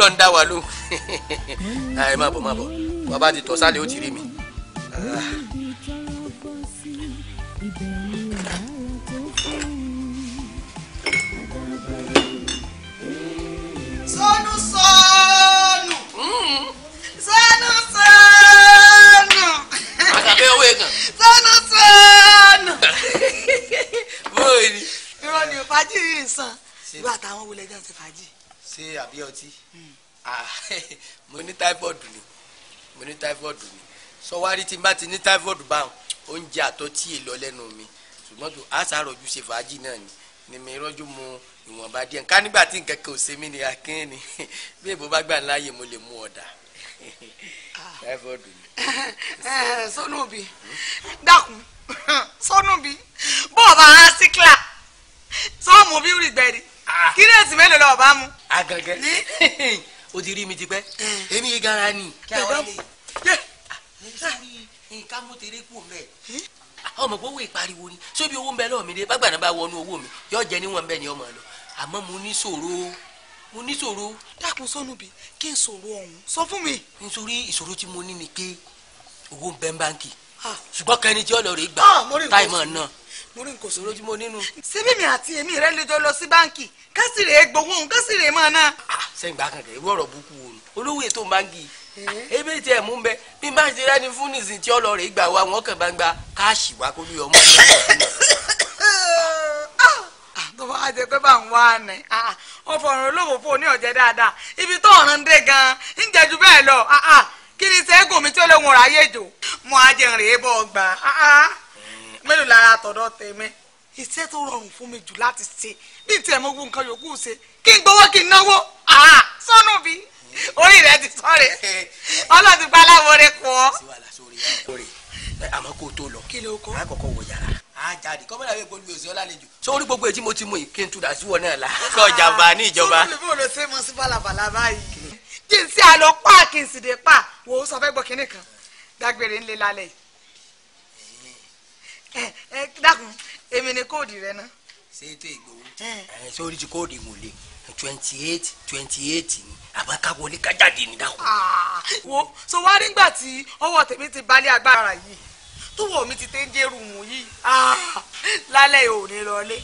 ọlọ́run dá wa lóhùn ẹ má bọ̀ má bọ̀ bàbá ti tọ̀ sálẹ̀ ó ti rí mi. typhoid ni mo ní typhoid ni sọwárí tí n bá ti ní typhoid báwọn oúnjẹ àtọ́tí èlò lẹ́nu mi ṣùgbọ́n tó àṣàròjù ṣe fàájì náà ni ni mi rọ́jú mu ìwọ̀nba díẹ̀ ká nígbà tí nǹkan kan ò ṣe mí ni akín ni bí èbó bá gbà láàyè mo lè mu ọ̀dà ah. typhoid ni. Eh, sọnùbí dákun sọnùbí bọ́ọ̀bà síkìlà sọ́ọ̀mù bí rìgbẹ́rì ah. kí ni èsì mélòó lọ́ọ̀ bá mu. agẹgẹ o ti rí mi ti pẹ́ èmi yìí gara ni. kí a wọlé ah. nǹkan mú tèrè kú mẹ ọmọ pé owó ìpariwo ni sóbi owó ń bẹ lọ́wọ́ mi dé bágbà náà bá wọnú owó mi yóò jẹ níwọ̀n bẹ́ẹ̀ ni ọmọ lọ àmọ́ mo ní ṣòro mo ní ṣòro. dákun sọnù bí kí n ṣòro ọ̀hún sọ fún mi. nítorí ìṣòro tí mo ní ni pé owó ń bẹ ń báǹkì ah. ṣùgbọ́n kẹ́ni tí ọ̀lọ́ rẹ̀ gbà ah, táìmọ̀ náà mo rí nǹkan sọ̀rọ̀ nínú. síbí mi àti èmi rẹ lè jọ lọ sí báǹkì ká sì rè gbowó ká sì rè máa ná. sẹ́yìn ah, ah, gbà kankan ọ̀rọ̀ eh? ebe tí ẹ mú bẹ bí bá ti rẹni fún nìsín tí rẹ gbà wá wọn kàn káàṣì wá kó ọmọ ah, bá jẹ pé bá ń olówó fún oní ọjẹ dáadáa ibi tó gan ń lọ kí ni tí ó lè jò mélòó lára tọ̀dọ̀ tèmi iṣẹ́ tó rọrùn fún mi jù láti ṣe bí tiẹ̀ mo wú nǹkan yòókù ṣe kí n gbowó kí n náwó sọnù bí orí rẹ ti sọ̀rẹ̀ ọlọ́dún gbaláwo rẹ kọ́ àmọ́ kó tó lọ a kọ́kọ́ wọ yàrá a jáde kọ́ mọ́lá yóò gbóni mi ò sí ọ́ lálejò sórí gbogbo èyí tí mo ti mú yìí kí n tura sí wọn náà la. sọ jàmbá ní ìjọba. sọ fún mi ṣe mọ sí balabala báyìí kí n sí àlọ́ pa kí n pa wò ó sọ fẹ́ gbọ́ kinní kan dágbére ńlẹ̀ lálẹ́ yìí ẹ eh, ẹ eh, dákun èmi ni kóòdì rẹ ná. ṣètò ìgbòho ẹ eh. sórí ti kóòdì mò lè twenty eight twenty eight ni àbáká wọlé kájáde ní dákun. Ah, wo so wá nígbà tí ọwọ́ tèmi ti balẹ̀ agbára yìí túwọ̀ mi ti tẹ́ ń jẹ́rù mù yìí ah, lálẹ́ ò ní lọlé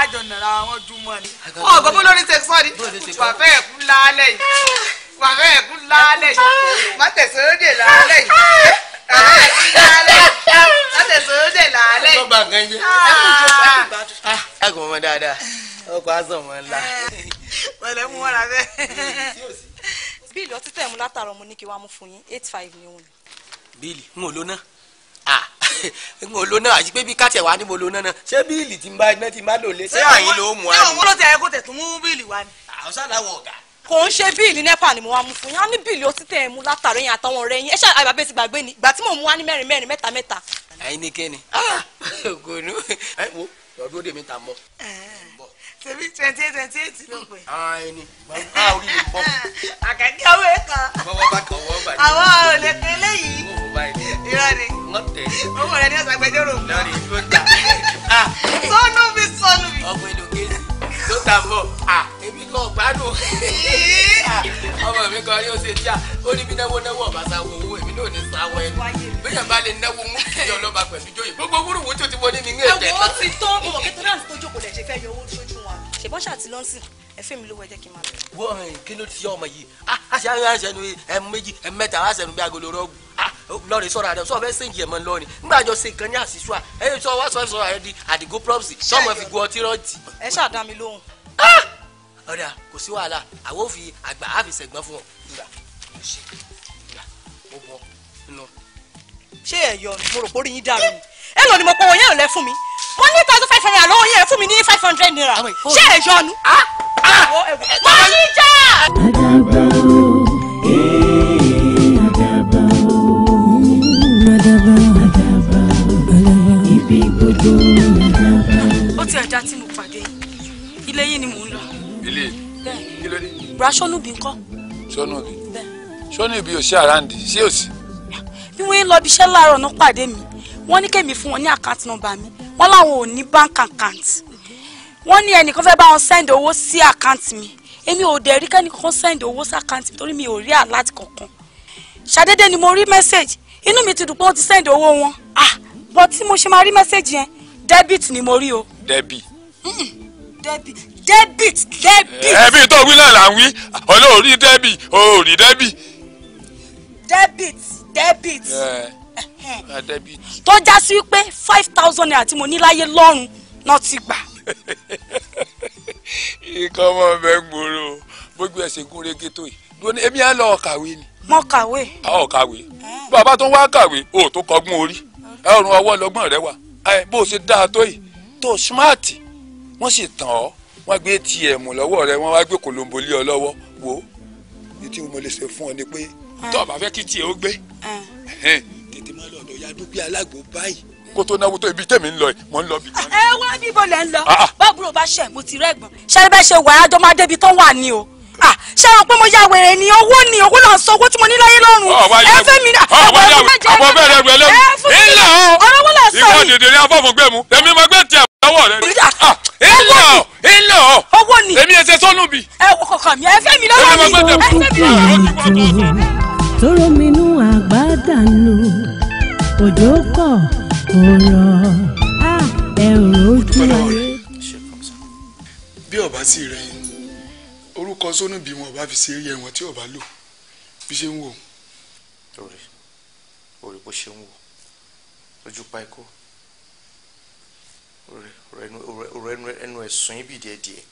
àjọ nàrà wọn jùmọ̀ ni ọ gbọ́ bó lórí tẹ̀sán ni wàfẹ́ ẹ̀kú lálẹ́ yìí wàfẹ́ ẹ̀kú lálẹ́ yìí má tẹ̀sán lóde lálẹ́ yìí. Ah agbọn ah. ah, ọmọ dáadáa ọkọ azọ ọmọ ńlá. pẹ̀lẹ́ mú wọn ra bẹ́ẹ̀. bíìlì ọtí tẹ̀ mú látàrọ mo ní kí wàá mú fún yín eight five ni òun. bíìlì n ò lóná ah, n ò lóná àti pé bí káàtì ẹ̀wá ni mo lóná náà ṣé bíìlì ti ń bá iná ti má lò lé. ṣé àyín ló mú wa ni. ṣé òun ló tẹ ẹ kó tẹ̀ tún mú bíìlì wa ni. àwọn sáà láwọ̀ ọ̀gá kò ń ṣe bíìlì nẹ́pà ni mo wá mú fún yín á ní bíìlì otí tẹ̀ ẹ̀ mú látàrí yín àtàwọn ọ̀rẹ́ yín ẹ ṣáà àbàbẹ́ ti gbàgbé ni ìgbà tí mò ń mú wá ní mẹ́rin mẹ́rin mẹ́ta mẹ́ta. àyìn ní kẹ́ni ah! ògònú ẹ wo lọ́dún òde mi ta mọ́. tèmi twenty eight twenty eight ló pè. àyìn ah, ni bàbá orí mi bọ́. àkàkẹ́ owó kan. bàbá bá kàn wọ́n bàjẹ́. àwọn olè kẹlẹ́ yìí. irọ́ ni owó rẹ ni ọ̀sán gbẹjọ́rò. lọ́ọ̀rì ló ta. Ah! sọ́nù mi sọ́nù mi. ọ̀gbẹ́ni òkè gan gbádùn ọmọ mi kan yóò ṣe díà ó ní náwó náwó ọba sáwọ owó èmi náà ní sáwọ ẹnu bóyá bá lè náwó mú kí ìyá ọlọ́ba pẹ̀lú jóyè gbogbo wúrúwú tó ti wọ ní mi ẹ̀jẹ̀ náà. ẹ̀wọ̀n ti tán ọmọ kẹtọ́ náà tó jókòó lẹ̀ ṣe fẹ́ yọ owó lójú wa ṣèbọ́n ṣàtìlọ́sìn ẹfẹ mi ló wọ ẹjẹ kí n máa bẹ. wọ́n kí ló ti yọ ọmọ yìí aṣọ àwọn aṣẹnu ẹmu méjì ẹmu mẹ́ta àwọn aṣẹnu bí agolo rọ́ọ̀gù lọ́ọ̀rì sọ̀rọ̀ àdàbọ̀ sọ̀rọ̀ fẹ́ sèǹjì ẹ̀mọ́ lọ́ọ̀rì nígbà àjọ ṣe nǹkan ní àṣìṣọ́ à ẹ̀yìn wá sọ̀rọ̀ àyẹ̀dì àdìgó prọ́psì sọ́mọ fi gu ọtí rọ́ọ̀tì. ẹ ṣáà dá mi lóhùn. Ah! ọ̀dà kò sí wàhálà àwọn ò fi àgbà àfi sẹ̀gbọ́n fún ọ. ṣé ẹ yọ mo rò pórí yín dàrú ni ẹ lọ ni mo pọwọ yẹn lẹ fún mi wọn ní thousand five hundred lọ́wọ́ yẹn fún mi ní five hundred naira ah, ṣé ẹ yọ nu. Ah, ah. wọ́n ní jà. ó ti ẹja tí mo pàdé ilé yín ni mò ń lọ ilé kí ló dé. bra sọ́nù bí ńkọ́. sọ́nù bí sọ́nù bí òsì àràǹdì sí òsì. bí wọ́n ń lọ ibiṣẹ́ láàárọ̀ náà pàdé mi wọ́n ní kémi fún wọn ní àkáǹtì nọ́mbà mi wọ́n láwọn ò ní bank account wọ́n ní ẹnìkan fẹ́ bá wọn send owó sí àkáǹtì mi èmi ò dẹ̀ rí kẹ́nìkan send owó sí àkáǹtì mi torí mi ò rí alert kankan ṣàdédé ni mo rí message inú mi ti dùn pé wọ́n ti send owó wọn ah but tí mo ṣe máa rí message yẹn debit ni mo rí o. debit. Mm -mm. debit debit debit. ẹbí tó wí náà là ń wí olóòrí debit òòrí debit. debit debit. tó já sí pé five thousand naira tí mo ní láyé lọ́rùn náà ti gbà. ikọ̀ ọmọ bẹ́ẹ̀ gbòòrò gbogbo ẹ̀sìn gúnrégé tó yìí lónìí èmi á lọ kàwé ni. mo kàwé. a ò kàwé bàbá tó ń wá kàwé o tó kọgbọ́n orí ọrùn ọwọ́ lọ́gbọ́n rẹ wà bó o ṣe dáa tó yìí tó smarti wọ́n sì tàn ọ́ wọ́n gbé atm lọ́wọ́ rẹ wọ́n wá gbé kolombo lé ọ lọ́wọ́ wo ní tí mo lè ṣe fún ọ ni pé ah. tó o bá fẹ́ kí tiẹ̀ ó gbé ah. tètè máa lọ ọ̀dọ̀ ya dúpẹ́ alágbó báyìí kó tó náwó tó ibi tẹ̀mí ń lọ yìí mò ń lọ bí. ẹ eh, wá níbo lẹ ń lọ ah, báwo ló bá ṣe mo ti rẹ́gbọ̀n ṣẹ́ni bẹ́ẹ̀ ṣe wà á jọ máa tó wà ní o. Ah, ṣe wọn pé mo ya wèrè ni owó ni owó là sọ owó tí mo ní láyé lọ́rùn ẹ fẹ́ mi ní ọ̀pọ̀ ọ̀pọ̀ bẹ́ẹ̀ rẹ̀ wẹ̀lẹ́ mi ńlá o ìwọ dèdè ní afọ́fọ́ gbé mu èmi máa gbé tiẹ̀ lọ́wọ́ rẹ ńlá ah, o ńlá o owó ni èmi ẹsẹ̀ sọ́nù bi. ẹ wọ kọkàn mi ẹ fẹ́ mi lọ́wọ́ mi ẹ fẹ́ mi lọ́wọ́ mi. tóró mi nú àgbàdànù òjò pọ̀ òrọ̀ ah, ẹ ò rojú ayé. bí ọba sì rẹ yín orúkọ sónú bí wọn ọba fi ṣe eré ẹwọn tí ọba lò bí ṣe ń wò. orí orí bó ṣe ń wò lójú pa ikú ọ̀rọ̀ ẹnu ẹsùn yín bì díẹ̀díẹ̀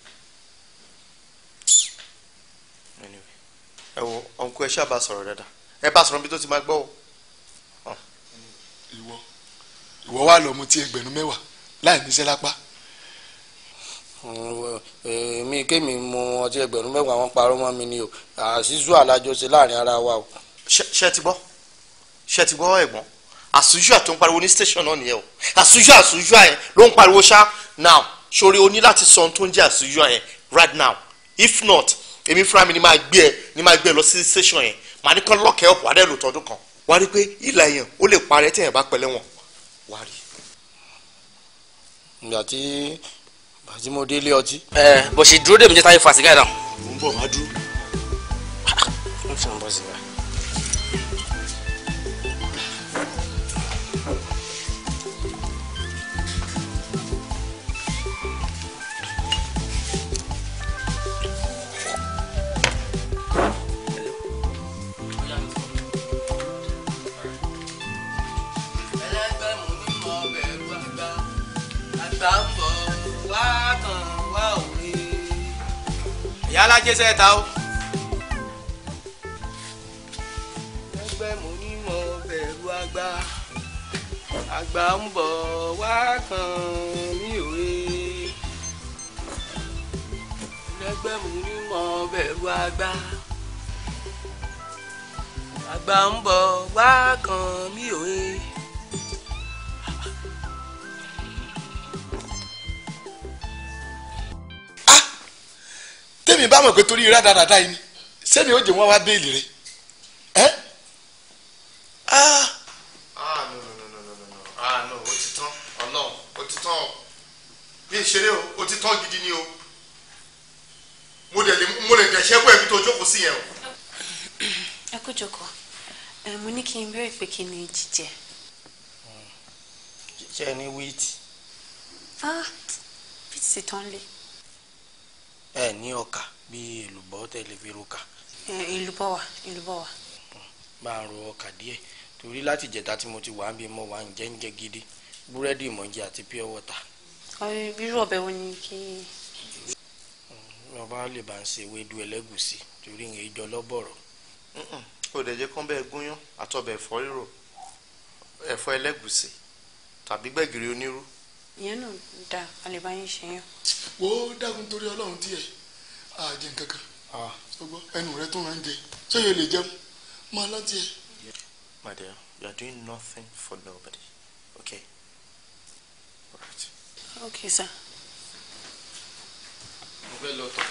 ẹ wo ọ̀nkú ẹ ṣáà bá sọ̀rọ̀ dáadáa ẹ bá sọ̀rọ̀ bí tó ti máa gbọ́ o. ìwọ ìwọ wà lọ mu tí ẹgbẹ̀rún mẹ́wàá láì níṣẹ́ lápá èmi kémi mu ọtí ẹgbẹ̀rún mẹ́wàá wọn parọ́ mọ́ mi ni o àṣìṣú alájọ ṣe láàrin ara wa o. ṣé ti gbọ́ ṣé ti gbọ́ ẹ̀gbọ́n àṣùjúà tó ń pariwo ní station náà nìyẹn o àṣùjúà àṣùjúà yẹn ló ń pariwo ṣá now sórí o ní láti sọ ohun tó ń jẹ́ àṣùjúà yẹn right now if not èmi fúnra mi ni máa gbé ẹ ni máa gbé ẹ lọ sí station yẹn màá ní kán lọ́kẹ́ ọ̀pọ̀ adẹ́lù tọdún kan wàá rí i pé ìlà èèyàn ó lè parẹ́ tí bá pẹ̀lẹ́ wọn wàá rí ìgbà tí àti mo délé ọtí. ẹ eh, bó ṣe dúró dèmi jẹ́ táyé fa sìgá náà. mo ń bọ̀ má dúró. Ah, alájẹ sẹ ta o. ẹgbẹ́ mo ní mo bẹ̀rù àgbà àgbà ń bọ̀ wá kan ní òwe. ẹgbẹ́ mo ní mo bẹ̀rù àgbà àgbà ń bọ̀ wá kan ní òwe. tèmi bá mọ̀ pé torí rádaràda yìí ni sẹ́mi ó jẹ́ wọn wá béèlì rẹ ẹ́ ah. ah no no no no no ah no ó ti o bí o ó ti tán gidi ni o mo lè mo lè dẹ̀ṣẹ́ bọ́ ẹ̀mí tó jókòó sí yẹn o. ẹ kú jókòó mo ní kí n béèrè pé kí ni jíjẹ. jíjẹ ni wíìtì. ah fíìtì ti tán lé. ẹ eh, ní ọkà bíi èlùbọ́ tẹ̀lé fi roka. Eh, èlùbọ́ wa wa. máa ro ọkà díẹ̀ torí láti jẹta tí mo ti wà bí mo wà ń jẹ́ ń jẹ́ gidi búrẹ́dì ìmọ̀jẹ àti pure water. irú ọbẹ̀ wo ni kí. ọba lè bá ń ṣe torí ìyẹn ìjọ lọbọrọ. O dẹ̀ jẹ́ kán bẹ́ẹ̀ gúnyán àtọ̀bẹ̀ ẹ̀fọ́ rírò ẹ̀fọ́ tàbí ìyẹn náà da àlèbá yín ṣe yàn. wo dákun torí ọlọ́run tiẹ̀ àjẹ nkankan ọgbọ ẹnu rẹ tó rán jẹ sẹyìn olè jẹun máa láti ẹ. my dear you are doing nothing for nobody okay. All right. okay sir. mo fẹ́ lọ tọ̀.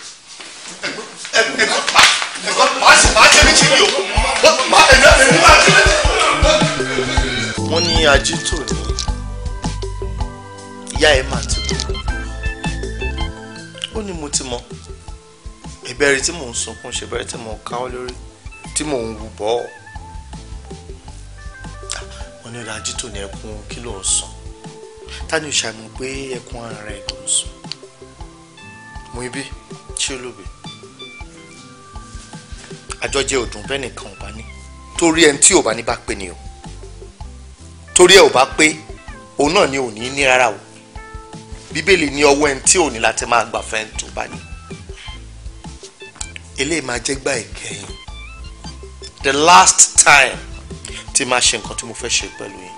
wọ́n ní ajé tòní ìyá ẹ̀ mà ti kú ó ní mo ti mọ ìbẹ̀rẹ̀ tí mò ń sunkún ṣèbẹ̀rẹ̀ tí mò ń káwọ́ lórí tí mò ń wù bọ́ wọn ní ọ̀làjì tó ní ẹkún kí ló ń sùn tani ò ṣàmì pé ẹkún ara rẹ̀ ló ń sùn mú ibi ṣé olóògbé àjọjẹ òdùn bẹ́ẹ̀ nìkan ò bá ní torí ẹni tí ò bá ní bá pè ní o torí ẹ ò bá pé òun náà ni ò ní ní rárá o bíbélì ní ọwọ́ ẹni tí ò ní láti máa gbà fẹ́ tó bá ní eléyìí máa jẹ́ gbà ìkẹyìn the last time tí máa ṣe nǹkan tí mo fẹ́ ṣe pẹ̀lú yín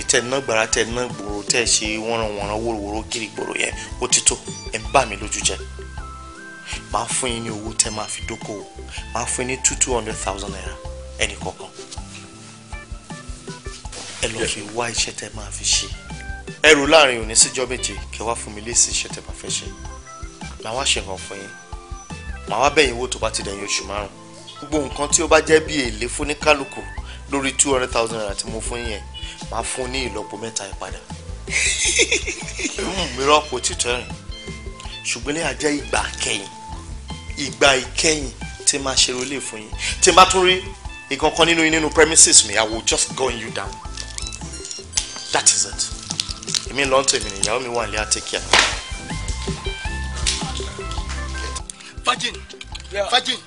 ìtẹ̀nà gbàrà tẹ̀nà gbòòrò tẹ̀ ṣe wọ́nranwọ̀nran wòrowòro kiri gbòòrò yẹn ó ti tó ẹ̀ ń bà mí lójú jẹ́ máa fún yín ní owó tẹ́ máa fi dókòwò máa fún yín ní two two hundred thousand naira ẹnì kọ̀ọ̀kan ẹ lọ́ọ́ fi wá iṣẹ́ tẹ́ máa fi ṣe ẹrù láàrin òní síjọ́ méje kẹ wá fún mi lésì iṣẹ́ tẹ́ bá fẹ́ ṣe màá wá ṣe nǹkan fún yín màá wá bẹ̀yìn owó tó bá ti dẹ̀yìn oṣù márùn gbogbo nǹkan tí ó bá jẹ́ bí èlé fún ní kálukú lórí two hundred thousand naira tí mo fún yẹn màá fún ní ìlọ́po mẹ́ta ìpadà mi rọ́pò títọ́ rìn ṣùgbọ́n ilé ajẹ́ ìgbà kẹ́yìn ìgbà ìkẹyìn tí máa ṣe rọlé fún yín tí máa tún rí ìkankan nínú yín nínú premises mi I will just gun you down that is it èmi lọ́n tèmi ni ìyàwó mi wà nílé àtẹ́kíà. fajin fajin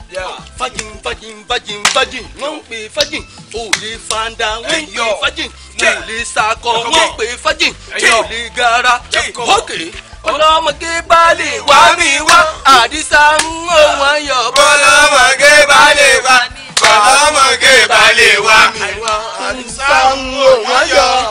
fajin fajin fajin fajin wọ́n ń pè fajin o lè fanda wọ́n ń pè fajin o lè sakọ wọ́n ń pè fajin o lè gara ókè ọlọ́mọge bá lè wá mi wá àdìsá ń wọ́n ayọ̀ bọ́ ọlọ́mọge bá lè wá ọlọ́mọge bá lè wá mi wá àdìsá ń wọ́n ayọ̀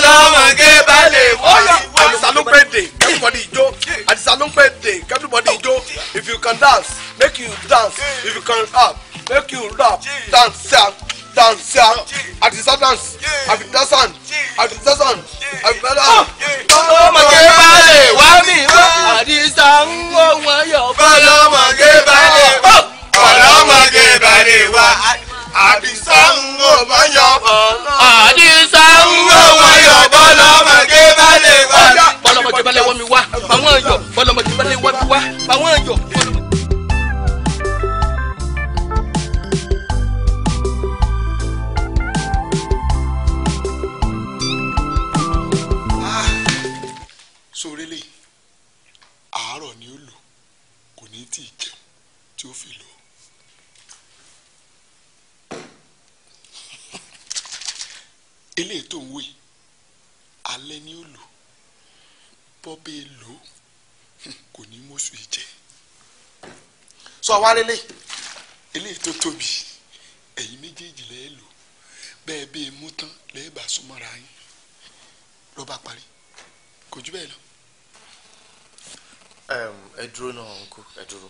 ọlọ́mọge bá lè wọ́n. Oh, Adisa ló pẹ́ dé, everybody jó. Adisa ló pẹ́ dé, everybody jó. If you can dance, make you dance. If you can rap, make you rap. Dance, dance, dance. Adisa dance, àbí dasan, àbí dasan, àbí dasan. Ọlọ́mọge bá lè wá mi wá. Adisa ń wọ́n wọ́n yọ̀. Ọlọ́mọge. mi wá fáwọn ẹ̀yọ̀ bọ́lọ́mọdé bá lè wá mi wá fáwọn ẹ̀yọ̀. sorele àárọ̀ ni ó lò tó ń wé alẹ́ ni ó bọ́bẹ̀ lò kò ní mọ̀sù ìjẹ́ sọ wá lélẹ̀ eléyìí tó tóbi ẹ̀yin méjèèjì lẹ́ẹ̀ lò bẹ́ẹ̀ bẹ́ẹ̀ mú tán lẹ́ẹ̀ bá súnmọ́ra yín lọ́ba parí kò jù bẹ́ẹ̀ lọ. ẹ dúró náà uncle ẹ dúró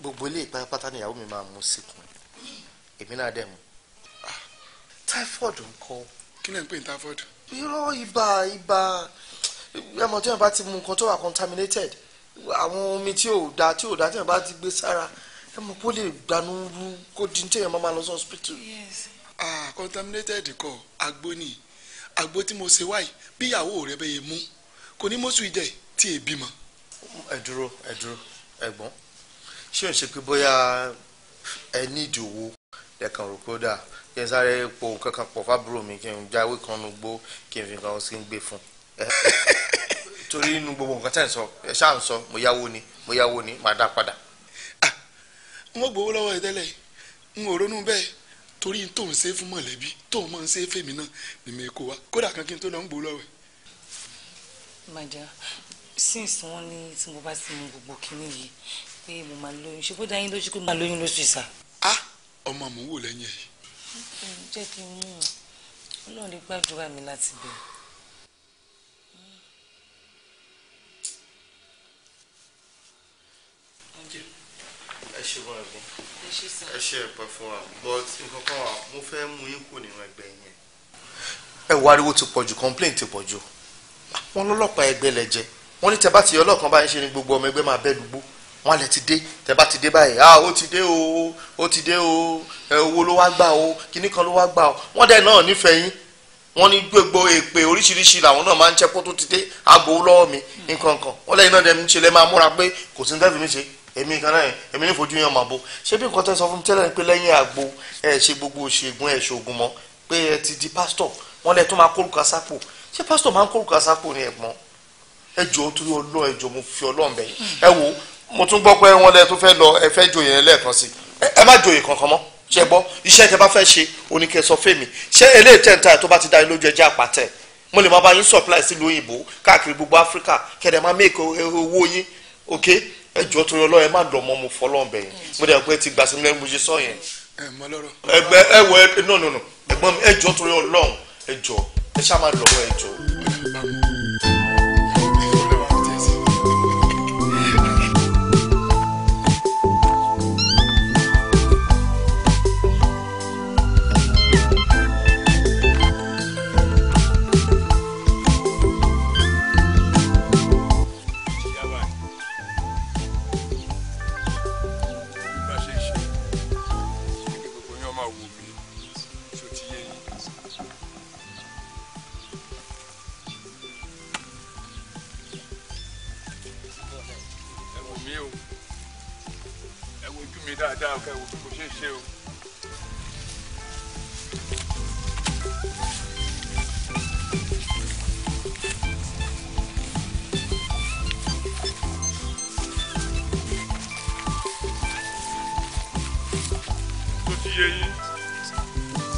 gbogbo ilé ìpátápátá ni ìyàwó mi máa mú síkùn èmi náà dẹ̀ mú. Ah, typhoid ń kọ́. kí ló ń pè ní typhoid irọ́ ibà ibà ẹmọ tí wọn bá ti mu nǹkan tó wà contaminated àwọn omi tí ò da tí ò da tí wọn bá ti gbé sára ẹ mọ̀ lè gbanú rú kó di tí èèyàn máa lọ sí hospital. yes. ah contaminated kọ agbo ni agbo tí mo ṣe wáyé bí ìyàwó rẹ bẹ́ẹ̀ mú kò ní mọ́sù ìjẹ́ tí è bímọ. ẹ dúró ẹ dúró ẹ̀gbọ́n ṣé ò ṣe pé bóyá ẹ ní ìdí ẹ kàn rò kó dáa kí sáré po pọ̀ fábúrò mi kí n jáwé kan nu gbó kí n fi nǹkan sí gbé fún torí inú gbogbo nǹkan tẹ̀ sọ sọ mo yáwó ni mo yáwó ni màá dá padà. n ò gbowó lọ́wọ́ n ò bẹ́ẹ̀ torí tó fún mọ̀lẹ́bí tó ń mọ̀ fèmí náà ni kódà kan kí n tó lọ ń gbowó lọ́wọ́ jẹ́ kí n mú un ọlọ́run lè gbàdúrà mi láti bẹ̀rẹ̀. ẹ ṣe ẹ̀pẹ̀ fún wa but nǹkan kan wà mo fẹ́ mú yín kù nínú ẹgbẹ́ yẹn. ẹ wo ariwo ti pọ̀jù complaint ti pọ̀jù wọn lọ́lọ́pàá ẹgbẹ́ lẹ jẹ wọn ní tẹ bá ti yọ ọlọ́kan báyìí ṣe ni gbogbo ọmọ ẹgbẹ́ máa bẹ́ dùgbò wọn lè ti dé tẹ bá ti dé báyìí ah ó ti dé o ó ti dé o ẹ owó ló wá gbà o kinní kan ló wá gbà o wọn dẹ náà nífẹ̀ẹ́ yín wọn ní gbogbo èpè oríṣiríṣi làwọn náà máa ń jẹ́ kó tó ti dé agbowó lọ́wọ́ mi nǹkan kan wọn lẹ́yìn náà dẹ̀mí ń ṣe lẹ́ máa múra pé kò sí ní tẹ́fì mi ṣe èmi kan náà èmi ní fojú yan màbo ṣé bí nǹkan tẹ́ sọ fún mi tẹ́lẹ̀ pé lẹ́yìn àgbo ẹ ṣe gbogbo òṣègùn ẹ ṣoògùn mọ́ pé ẹ ti di pásítọ̀ wọn lẹ tó máa kórùkà sápò ṣé pásítọ̀ máa ń kórùkà sápò ní ẹ̀gbọ́n ẹ jọ torí ọlọ́ ẹ jọ mo fi Ọlọ́run bẹ̀ ẹ wo mo tún gbọ́ pé wọ́n lẹ tó fẹ́ lọ ẹ fẹ́ joyè lẹ́ẹ̀kan sí ẹ má joyè kankan mọ́ ṣe gbọ́ iṣẹ́ tẹ bá fẹ́ ṣe oníkẹ́ sọ fèmí ṣé eléyìí tẹ̀ǹtà tó bá ti dá yín lójú ẹjẹ́ àpàtẹ mo lè má bá yín supply sílùú òyìnbó káàkiri gbogbo áfíríkà kẹ̀dẹ̀ má make owó yín ok ẹ jọ torí ọlọ́run ẹ má dọ̀ mọ́ mo fọlọ́run bẹ̀ yín mo dẹ̀ pé ti gbà sí mi lẹ́nu mo ṣe sọ yẹn. ẹ mọ lọrọ. ẹgbẹ ẹ wọ ẹ nọ nọ nọ ẹ̀gbọ́n mi ẹ jọ torí ọlọ́run ẹ jọ ẹ ṣá má dọ̀ mọ́ ẹ jọ.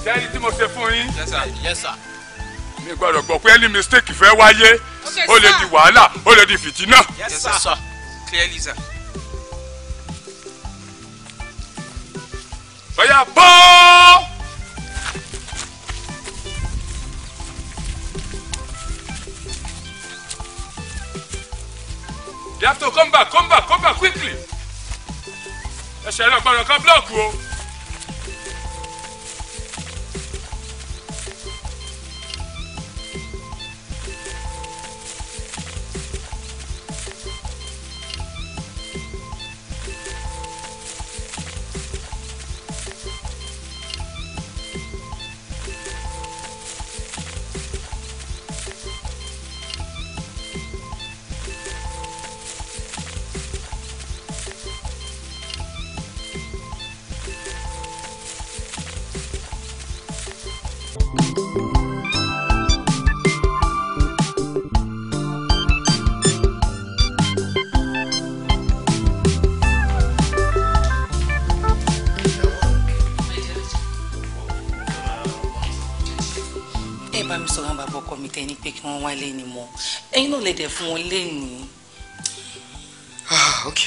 sẹ́yìn tí mo ṣe fún yín. yes sir yes sir. mi gbọ́dọ̀ gbọ́ pé any mistake fẹ́ wáyé ó lè di wàhálà ó lè di fìtínà. yes sir clearly sir. bóyá bọ́ọ̀. You have to come back, come back, come back quickly. Ẹ ṣẹ̀rẹ̀ ọ̀gbọ̀nràn kan búlọ̀kù o. wálé ni mọ́ ẹ̀yin náà lè dẹ̀ fún wọn lénìí. Ah, ok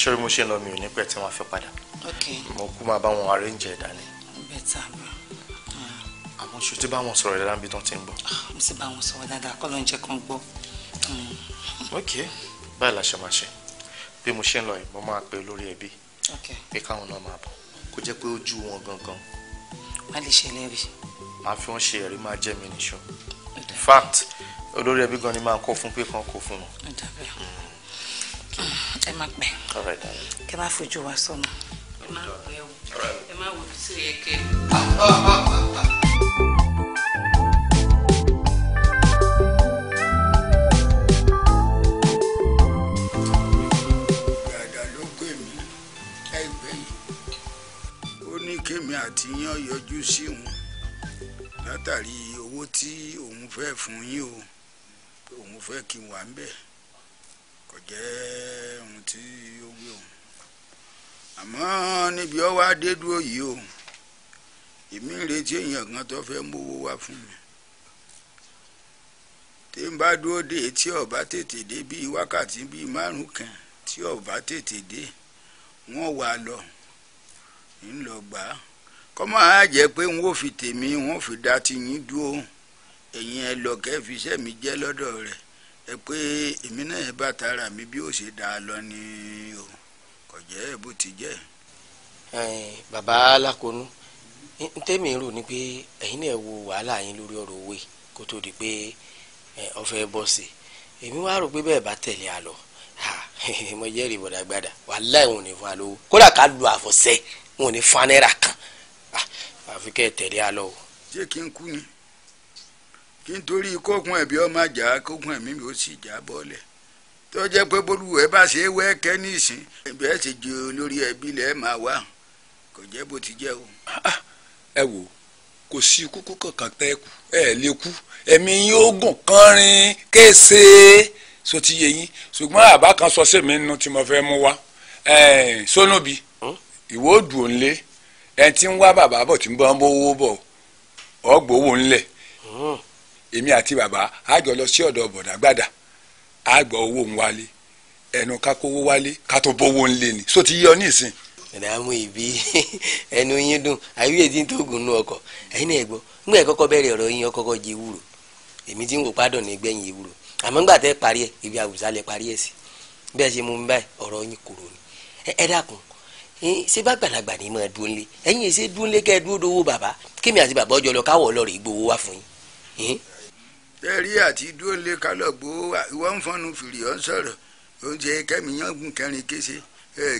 ṣé mo ṣe lọ mi ò ní pẹ́ tí wọ́n fẹ́ padà mo kú máa bá wọn arrange ẹ̀ dání. bẹ́tà mi. Ah. àmọ́ ṣe ti bá wọn sọ̀rọ̀ dáadáa níbi tó ti ń bọ̀. Ah, mo ti bá wọn sọ̀rọ̀ dáadáa kọ́ ló ń jẹ́ kán gbọ́. Hmm. ok báyìí la ṣe máa ṣe bí mo ṣe ń lọ yìí mo máa pe olórí ẹbí pé káwọn náà máa bọ̀ kó jẹ́ pé ojú wọn gangan. má lè ṣẹlẹ̀ rí. màá fi wọn ṣe ẹ̀rí máa jẹ́ mi nìṣó fact olórí ẹbí gan ni máa kọ fún pé kan kò fún un. ẹ má pẹ́ kẹ má fojú wa sọnù ẹ má pẹ́ sí ẹ kémi àti yọjú sí wọn látàrí owó tí òun fẹ́ fún yín o pé òun fẹ́ kí n wà ń bẹ̀ kò jẹ́ ohun tí ó wí òun àmọ́ níbi ọwọ́ adédúró yìí o èmi ń retí èèyàn kan tó fẹ́ mówó wá fún mi tí n bá dúró dé tí ọba tètè dé bíi wákàtí bíi márùn kan tí ọba tètè dé wọ́n wà lọ ń lọ gbà kọ́mọ́ á jẹ́ pé n ó fi tèmi n ó fi dá ti yín dúró ẹ̀yin ẹ lọ kẹ́ fi iṣẹ́ mi jẹ́ lọ́dọ̀ rẹ̀ ẹ pé èmi náà ẹ bá tara mi bí ó ṣe dá a lọ ni o kò jẹ́ ẹ bó ti jẹ́. bàbá alákòónú ntẹ́mi rò ní pé ẹ̀yin náà wo wàhálà yín lórí ọ̀rọ̀ òwe kó tó di pé ó fẹ́ bọ́ sí èmi wá rò pé bẹ́ẹ̀ bá tẹ̀lé a lọ mo jẹ́rìí bọ̀dàgbàdà wàhálà ìwọ̀n ní fún wa kódà ká lu àfọ̀sẹ́ wọn ò ní fún anẹ́rà kan àfi kẹ́ ẹ tẹ̀lé a lọ o. ṣé kí n kú ni kí n torí kókun ẹ̀bí ọmọ àjà kókun ẹ̀mí mi ó sì já bọ́ọ̀lẹ̀ tó jẹ́ pé bólúwẹ̀ bá ṣe wẹ́ kẹ́ ní ìsìn bẹ́ẹ̀ ṣe jẹ olórí ẹbí lẹ́ máa wá kò jẹ́ bó ti jẹ́ o. Ah, ẹ wò kò sí kúkú kankan tẹ́ kú ẹ lè kú ẹ̀mí yín ó gùn kánrin kése so ti yé yín ṣùgbọ́n àbá kan sọ sí mi nínú tí mo fẹ́ mú wá sónóbi ìwọ òdùn òǹlé. ẹni tí ń wá bàbá bọ̀ tí ń bọ́ ń bówó bọ̀ owó ńlẹ̀ hmm. èmi àti bàbá àjọ lọ sí ọ̀dọ̀ bọ̀dàgbàdà àgbà owó ń wálé ẹnu owó wálé kátó ńlẹ̀ ni so ti yọ nísìn. ìdààmú ìbí ẹnu yín dùn nù ọkọ náà yín ọkọkọ jẹ ewúro èmi ń wò ewúro ńgbà ibi parí ṣé bá gbàlagbà ni mo dún lé ẹ̀yin ẹ̀ ṣe dún lé kẹ́ ẹ dúró dowó bàbá kémi àti bàbá ọjọ́ lọ káwọ̀ lọ́ọ̀rì gbowó wá fún yín. tẹ́rí àti dúró lé kálọ̀ gbowó ìwọ ń fọnù fìrì ọ̀ ń sọ̀rọ̀ oúnjẹ kẹ́mi yán gùn kẹrin kése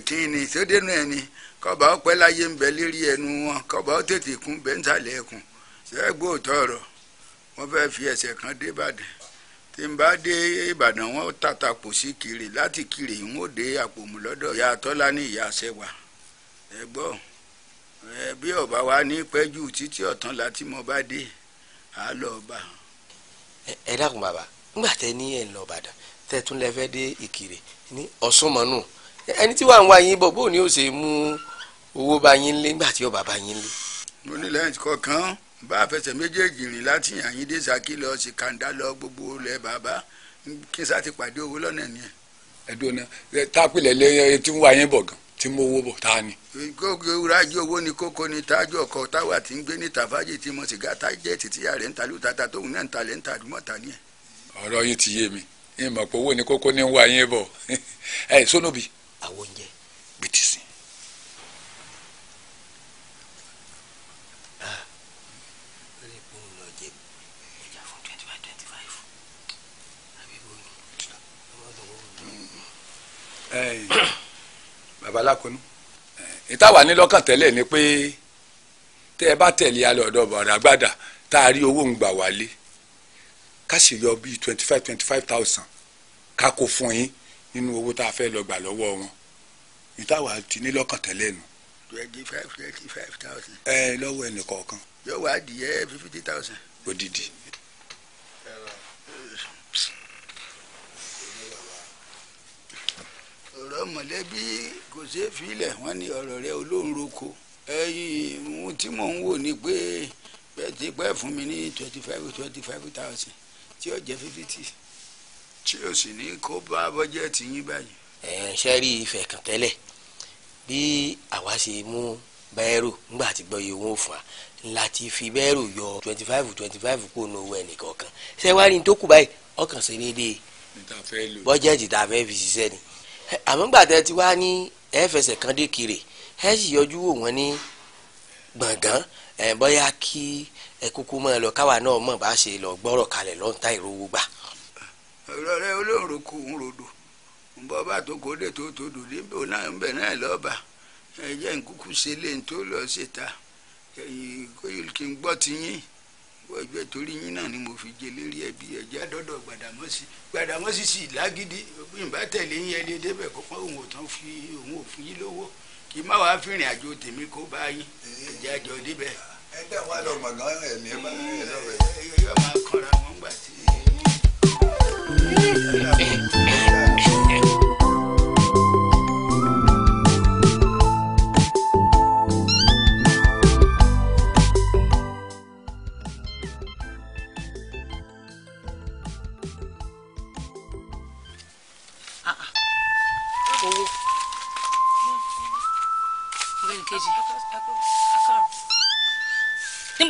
kí ni sódẹ́nu ẹni kọ́ba ọpẹ́ láyé ń bẹ lérí ẹnu wọn kọ́ba ó tètè kún bẹ́ńsàlẹ̀ ẹkùn ṣẹ́gbó tọrọ wọ́n fẹ́ fi ẹsẹ̀ kan dé Ìbàdàn tí n bá dé Ìbàdàn wọn tàtàpọ̀ sí kiri láti kiri ìhun ó dé àpòmù lọ́dọ̀ ìyá tọ́lá ní ìyá sẹ́wàá ẹ gbọ́ ẹ bí ọba wa ní pẹ́jù títí ọ̀tán láti mọ bá dé á lọ bá. ẹ dákun bàbá nígbà tẹ ní ẹ lọ Ìbàdàn tẹ tún lẹ fẹ dé Ìkirè ní Ọ̀ṣunmọ̀nù ẹni tí wà ń wá yín bọ̀ bóun ni ó ṣe mú owó bá yín lé nígbà tí ọba bá yín lé. mo ní lẹ́yìn kọ̀ọ̀kan bá a fẹsẹ̀ méjèèjì rìn láti yàn yín dé Ṣakí lọ sí kàńdá lọ gbogbo olè bàbá kí n sá ti pàdé owó lọ́nà nìyẹn. ẹ dúró náà tápìlẹ̀ lẹ́yìn tí ń wá yín bọ̀ gan tí mo wo bò ta ni. ìkókòrájú owó ni kókó ni tájú ọkọ táwa ti ń gbé níta fájì tí mo sìgá tájẹ títí ààrẹ ń ta lù tata tóun náà ń ta ń ta àdúmọ̀ ta ni ẹ̀. ọ̀rọ̀ yín ti yé mi ìmọ̀ pé owó ni kókó ni ń wá yín bọ̀ ẹ sónóbi. àwọn oúnjẹ gbètì sí. Hey. Ah. babalákonú ìtawà nílọ́kàn tẹ́lẹ̀ ni pé tẹ́ ẹ bá tẹ̀lé alẹ́ ọ̀dọ̀ bọ̀dà gbàdà tá a rí owó ń gbà wálé ká sì yọ bíi twenty five twenty five thousand ká kó fún yín nínú owó tá a fẹ́ lọ gbà lọ́wọ́ wọn ìtawà ti nílọ́kàn tẹ́lẹ̀ nù. twenty five twenty five thousand. ẹ lọ́wọ́ ẹnì kọ̀ọ̀kan. yóò wá di ẹ fifty thousand. odidi. mọ̀lẹ́bí kò ṣeé filẹ̀ wọ́n ní ọ̀rọ̀ rẹ olóńro ko ẹ̀yìn ohun tí mò ń wò ni pé bẹ́ẹ̀ pẹ́ fún mi ní twenty five twenty five thousand tí ó jẹ́ fifty tí o sì ní kó bá bọ́jẹ́ẹ̀tì yín báyìí. ẹ ṣe rí ìfẹ́ kan tẹ́lẹ̀ bí àwa ṣe mú bẹ́ẹ̀rù ńgbà tí gbọ́ iye wọn fún wa láti fi bẹ́ẹ̀rù yọ twenty five twenty five kó nu owó ẹnìkọ̀ọ̀kan ṣé wàá rí ní tó kù báyìí ọkàn ṣe déédéé bọ́jẹ́ẹ̀tì tá a fẹ́ fi ṣiṣẹ́ ni àmọ́gbàtẹ́ ti wá ní ẹ kan dé kiri ẹ sì yọjú wò wọ́n ní gbọ̀ngàn ẹ bọ́yá kí ẹ kúkú mọ́ ẹ lọ káwa náà mọ̀ bá ṣe lọ gbọ́rọ̀ kalẹ̀ lọ́n ta ìrówó gbà. ọ̀rọ̀ rẹ olóòrò kò ń rodò bọ́ tó kó tó tó dò níbi náà ń bẹ̀ náà lọ́ọ̀bà ẹ jẹ́ nkúkú ṣe lé ní tó lọ́ọ́ ṣèta kí n gbọ́ ti yín ẹgbẹ́ torí yín náà ni mo fi jẹ lérí ẹbí ẹjẹ́ àdọ́dọ̀ Gbàdámọ́sí Gbàdámọ́sí sì lágídí ìbá tẹ̀lé yín ẹni débẹ̀ kó òun ò tán fi òun ò fún yín lówó kì í má wàá fìrìn àjò tèmi kó bá yín ẹjẹ́ àjọ débẹ̀. ẹgbẹ́ wa lọ gbọ̀ngàn ẹ̀mí ẹ bá rẹ̀ lọ́wọ́ ẹ̀. yóò máa kanra wọn gbà tí.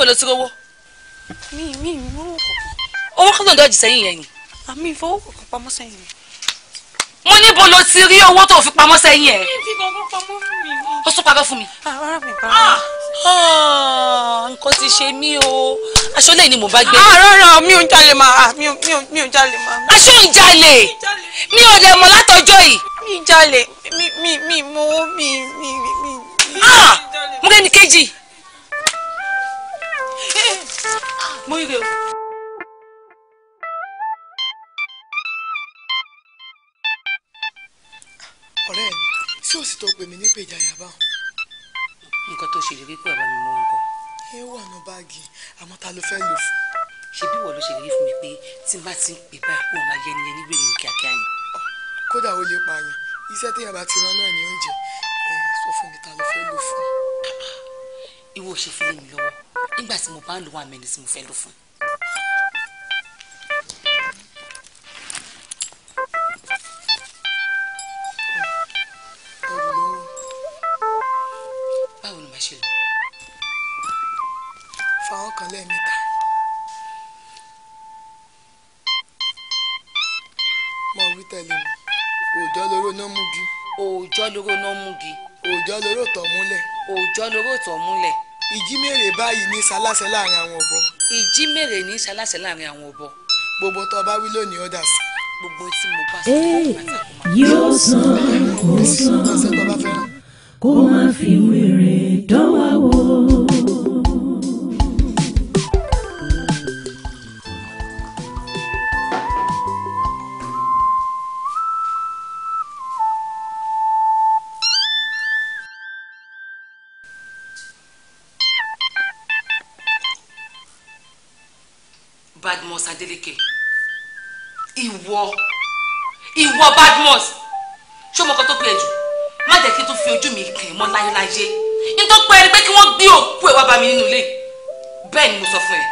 níbo ló ti rówó. mi mi mi mo wò kọ. owó kan náà dọ̀jì sẹ́yìn yẹn ni. àmì ah, ìfowópamọ́ kan pamọ́ sẹ́yìn yẹn. mo níbo ló ti rí owó tó fi pamọ́ sẹ́yìn ẹ̀. mi ti kọ́kọ́ pamọ́ fún mi. ó tún parọ́ fún mi. ara ah, mi ah, nǹkan ti ṣe mí o aṣọ lẹ́yìn ni mo bá gbé. rárá mi ò ń jalè máa mi ò ń jalè máa. aṣọ ń jalè mi ò lè mọ̀ látọjọ́ yìí. mi jalè mi mi mi mo mi mi mi. mo rẹ́ni kejì mo rí rẹ o. ọ̀rẹ́ mi sí òsì tó pè mí ní pèjà yàbá o. nǹkan tó ṣèlérí pé bàbá mi mú wọn kọ. ẹ wà ní báàgì àmọ́ ta ló fẹ́ lò fún. ṣebí ìwọ ló ṣèlérí fún mi o máa yẹ ẹniyẹn nígbèrè ní kíákíá ni. kódà ó lè pààyàn iṣẹ́ ni ó jẹ́ sọ fún mi ta ló fẹ́ lò fún. ìwọ nígbà tí mo bá ń lo àwọn àmẹ́ni tí mo fẹ́ lò fún. báwo ni màá ṣe lò. fọwọ́ kan lẹ́ẹ̀mẹ́ta. mo wí tẹ̀lé mi òòjọ́ lóró náà mú gi. òòjọ́ lóró náà mú gi. òòjọ́ lóró tọ̀ múlẹ̀. òòjọ́ lóró tọ̀ múlẹ̀ ìjímèrè báyìí ní sálásẹ láàrin àwọn ọ̀bọ. ìjímèrè ní sálásẹ láàrin àwọn ọ̀bọ. gbogbo tó o bá wí lónìí ọ̀dà sí. gbogbo tí mo bá sọ yóò san kó san kó má fi wèrè dánwà wò. wọ badmus ṣé mo kàn tó pè jù má jẹ́ kí n tún fi ojú mi kàn mọ́ láyéláyé n tó pẹ́ ẹni pé kí wọ́n gbé òkú ẹ̀ wá bá mi nínú ilé bẹ́ẹ̀ ni mo sọ fún ẹ.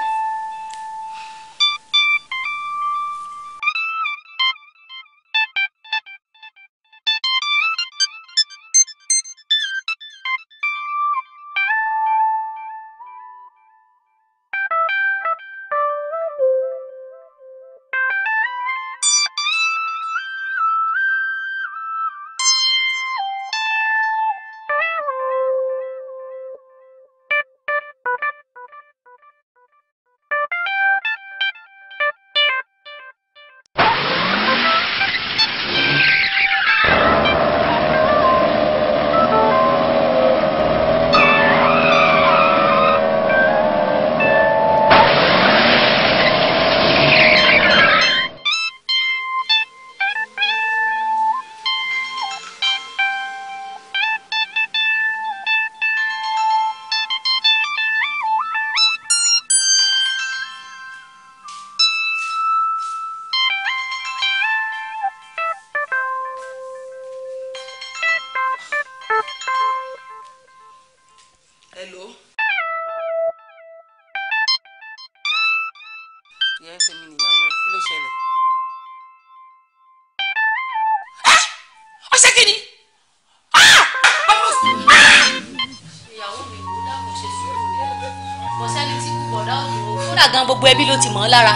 gbogbo ẹbí ló ti mọ̀ ọ́ lára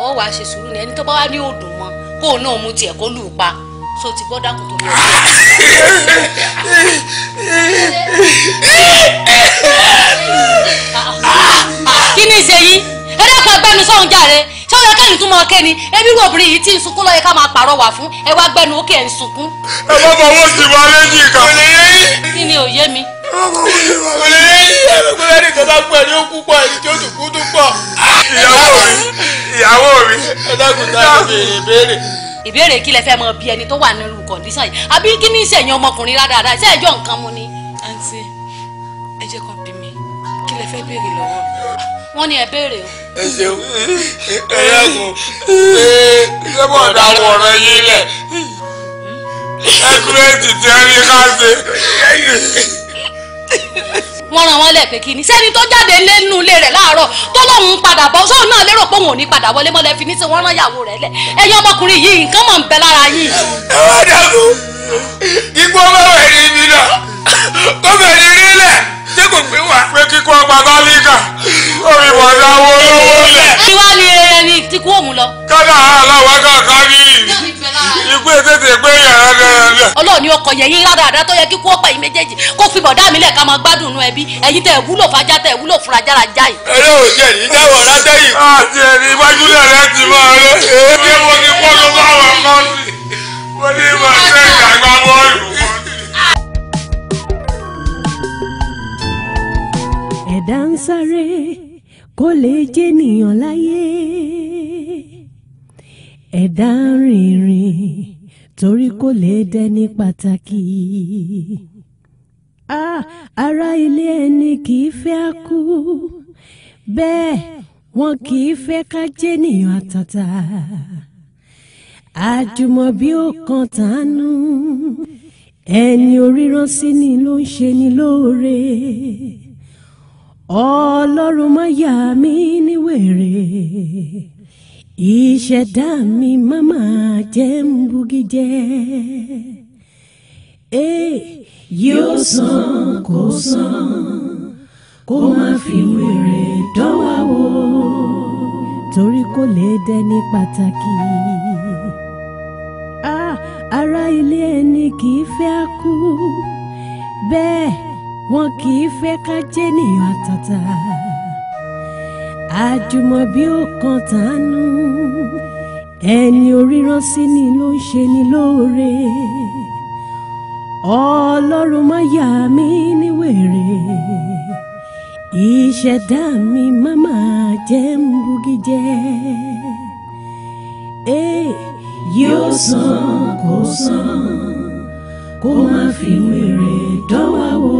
ọ wàá ṣe sùúrù ní ẹni tó bá wá ní òdùn mọ́ kó o náà mú tiẹ̀ kó lù ú pa so ti gbọ́ dákun tó lọ. kí ni ìṣe yìí ẹ dẹ́kun ẹgbẹ́nu sọ́hún jàre ṣé ó yẹ kẹ́yìn tún mọ ọkẹ́ ni ẹbí rú obìnrin yìí tí ń sunkún lọ́yẹ ká máa pàrọwà fún ẹ wá gbẹ́nu ó kẹ́ ń sunkún. ẹ má bọ̀ wọ́n ti wá lẹ́yìn ìkà. kí ni òye mi. ẹ má bọ̀ wọ́n ti wá lẹ́yìn ìkà. olè yẹn yí ẹ̀rọ gbọ́dọ̀ nìkan bá pẹ̀lú ó kú pọ̀ èyí tó tún kú tó pọ̀ ìyàwó mi. ẹ dákun dákun béèrè ìbéèrè. ìbéèrè kí lẹ fẹ́ mọ bí ẹni tó wà nínú kọ̀ǹdíṣàn yìí àbí kí ní ìṣẹ̀yìn ọmọkùnrin rádaràda ṣé ẹjọ́ nǹkan mu ni. àǹtí ẹ jẹ́ kàn bí mi kí lẹ fẹ́ béèrè lọ́wọ́. wọ́n ní ẹ béèrè o. ẹ ṣeun ẹ yàgùn ṣé ṣé mo dà wọ̀rọ̀ yín lẹ̀ hmm? ẹ kúrẹ́ẹ̀tì tí ẹ rí ká ṣe. wọ́n ràn wọ́n lẹ́ẹ̀pẹ́ kí ni sẹ́ni tó jáde lẹ́nu ilé rẹ̀ láàárọ̀ tó lóun padà bọ̀ sóun náà lérò pé òun ò ní padà wọlé mọ́lẹ́ fi ní tí wọ́n rán ìyàwó rẹ̀ lẹ̀ ẹ̀yin ọmọkùnrin yìí nǹkan mọ̀ ń bẹ lára yín. ẹ wá dàgbù igbó bá wẹ̀ ibi náà ó bẹ̀ ní rí lẹ̀ ṣé kò pé wà. pé kíkọ́ ọgbà tálíkà orí bọ̀dá wo lówó lẹ̀. kí wàá ní rere ni tí kú òun lọ. kádà aláwa kàkà ní ikú ètètè pé yàrá dáadáa. ọlọ́run ni ọkọ̀ yẹn yín ládàáda tó yẹ kí kú ọ̀pẹ̀ yìí méjèèjì kó fi bọ̀dá mi lẹ̀ ká máa gbádùn nù ẹbí ẹ̀yin tẹ̀ wúlò fàájà tẹ̀ wúlò fúnra jára já yìí. eré ò jẹ yìí dáwọ̀ ládẹ́ yìí. àti ẹni iwájú lẹ́rẹ́ ti máa rẹ́ èébí mo ti kọ́ ló bá wà kọ́ sí i mo ní ìmọ̀ ṣe ìgbàgbọ́ bọ́ọ̀lù. ẹ̀dá ń sáré kó lè jẹ́nìyàn láyé ẹ̀dá ń rìnrìn torí kó lè dẹni pàtàkì ara ilé ẹni kì í fẹ́ á kú bẹ́ẹ̀ wọn kì í fẹ́ ká jẹ́nìyàn àtàtà àjùmọ̀bí ó kan tàánú ẹni oríran sí ni ló ń ṣe ni lóore ọlọ́run má yà mí ní wèrè ìṣẹ̀dá mi má máa jẹ́ ń bugi jẹ́ yóò san kó san kó má fi wèrè dánwà wò torí kò lè dẹni pàtàkì ah, ara ilé ẹni kì í fẹ́ kú bẹ́ẹ̀ wọn kì í fẹ́ ká jẹ́nìyàn àtàtà àjùmọ̀bí ò kan tàánú ẹni oríran sí ni ló ń ṣe ni lóore ọlọ́run má yà mí ní wèrè ìṣẹ̀dá mi má máa jẹ́ ń bugi yóò san kó san kó má fi wèrè dánwà wò.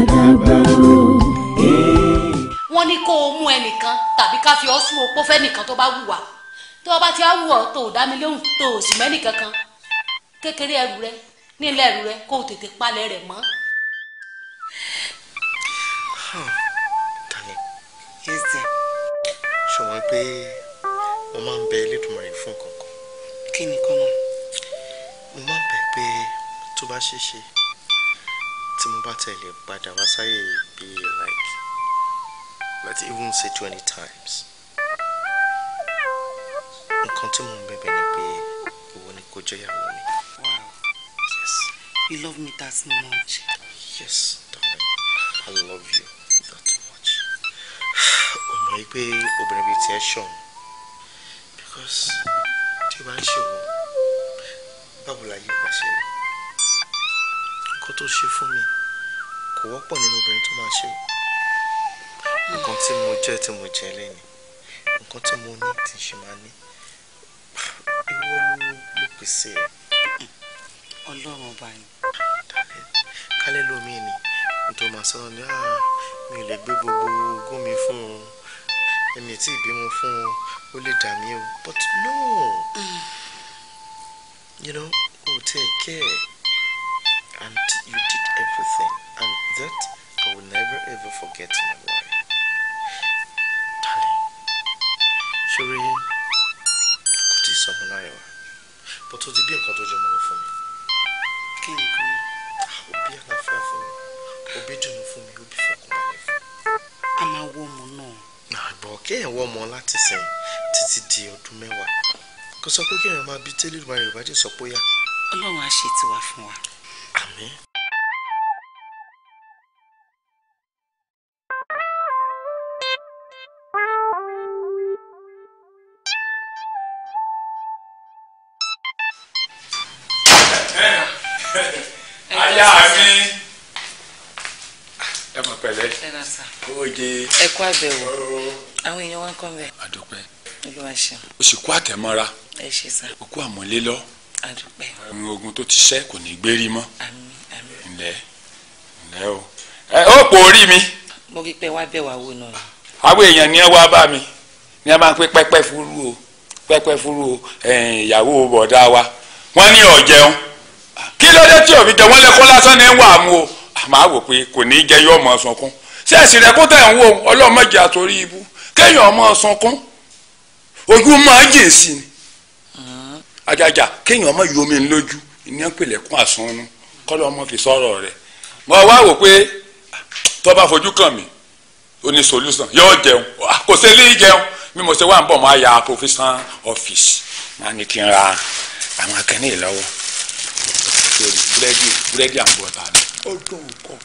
àdàgbà o. wọ́n ní kó o mú ẹnìkan tàbí ká fi ọ́ sún opó fẹ́nìkan tó bá wù tó o bá ti wá wù ọ́ tó o dá mi lóhùn tó o sì mẹ́nì kankan kékeré ẹrù rẹ ní ilé ẹrù rẹ kó o tètè palẹ̀ rẹ̀ mọ́. Hmm, ṣùgbọ́n pé máa ń bẹ Elédùmarè fún kankan. kí ni kọ́nà. mo máa ń bẹ pé tó bá ṣe ṣe tí mo bá tẹ̀lé padà wá sáyé bí like but even say twenty times nǹkan tí mo ń bẹ̀bẹ̀ ni pé ìwọ ni kò jẹ́ ìyàwó mi. you love me that much. yes darling i love you that much. ọmọ yìí pé obìnrin bíi tiẹ̀ ṣọ̀hún because tí o bá ń ṣèwọ báwo la yí ìgbà ṣe rí nǹkan tó ṣe fún mi kò wọ́pọ̀ nínú obìnrin tó máa ṣe o nǹkan tí mo jẹ́ tí mo jẹ́ lẹ́ni nǹkan tí mo ní tí ṣe máa ní ìwọ ló ló pèsè ẹ̀. ọlọ́run ọba ni. kálẹ̀ lómi ni nítorí màá sọ ní ah, mi ò lè gbé gbogbo ogún mi fún un èmi tí ìbímọ fún wọn ó lè dà mí o but no you know o take care and you did everything and that I will never ever forget in my life darling ṣòro yẹn kò tí ì sọmọ láyọ̀ wa but o ti bí nǹkan tó jẹ mọ́ fún mi. kí ni kan òbí àlàáfíà fún mi òbí dùnú fún mi òbí fọkànbalẹ̀ fún mi. a máa wọ ọmọ náà bọ̀ kéèyàn wọ ọmọ láti sìn títí di ọdún mẹ́wàá kò sọ pé kéèyàn máa bí tẹ́lẹ̀ ìrùbá yorùbá jẹ́ sọ pé yá. ọlọ́run á ṣe tiwa fún wa. àmín. ẹ má pẹ̀lẹ́ oye àbẹ̀wò àwọn èèyàn wọn kàn bẹ. àdúpẹ́. olúwa ṣe. òsìkú àtẹ̀mọ́ra. ẹ ṣe sá. òkú àmọ́lé lọ. àdúpẹ́. àwọn ogun tó ti ṣẹ́ kò ní gbérí mọ́. àmín àmín. ǹlẹ́ ǹlẹ́ o. ẹ ó pò orí mi. mo rí pé wá bẹ̀ wá wò náà. àwọn èèyàn ni ẹ wá bá mi ni ẹ máa ń pè pẹ́pẹ́ fúru o pẹ́pẹ́ fúru o ìyàwó bọ̀dá wa wọ́n ní ọ̀jẹun kí ló dé tí òbí jẹ wọ́n lẹ́kọ́ lásán ní wàá mú o àmọ́ àwò pé kò ní í jẹ́ yọ̀ọ́ mọ́ sunkún ṣé ẹ̀sìn rẹ̀ kó tẹ̀ ń wò ọlọ́mọdé àtòrí ibú kéèyàn ọmọ sunkún ojú máa jìn sí ni àjàjà kéèyàn ọmọ yomi lójú ìyẹn pèlè kún àsunnu kọ́lọ́ ọmọ fi sọ̀rọ̀ rẹ̀ mo wá wò pé tó bá fojú kàn mí ó ní solution yóò jẹun ah, kò sí ilé jẹun bí mo ṣe wà ń bọ̀ máa ya professional office máa ní kí n ra àwọn akẹ́ni ìlọ́wọ́ búrẹ́dì búrẹ́dì àbọ̀tà ni ó dùn kọ́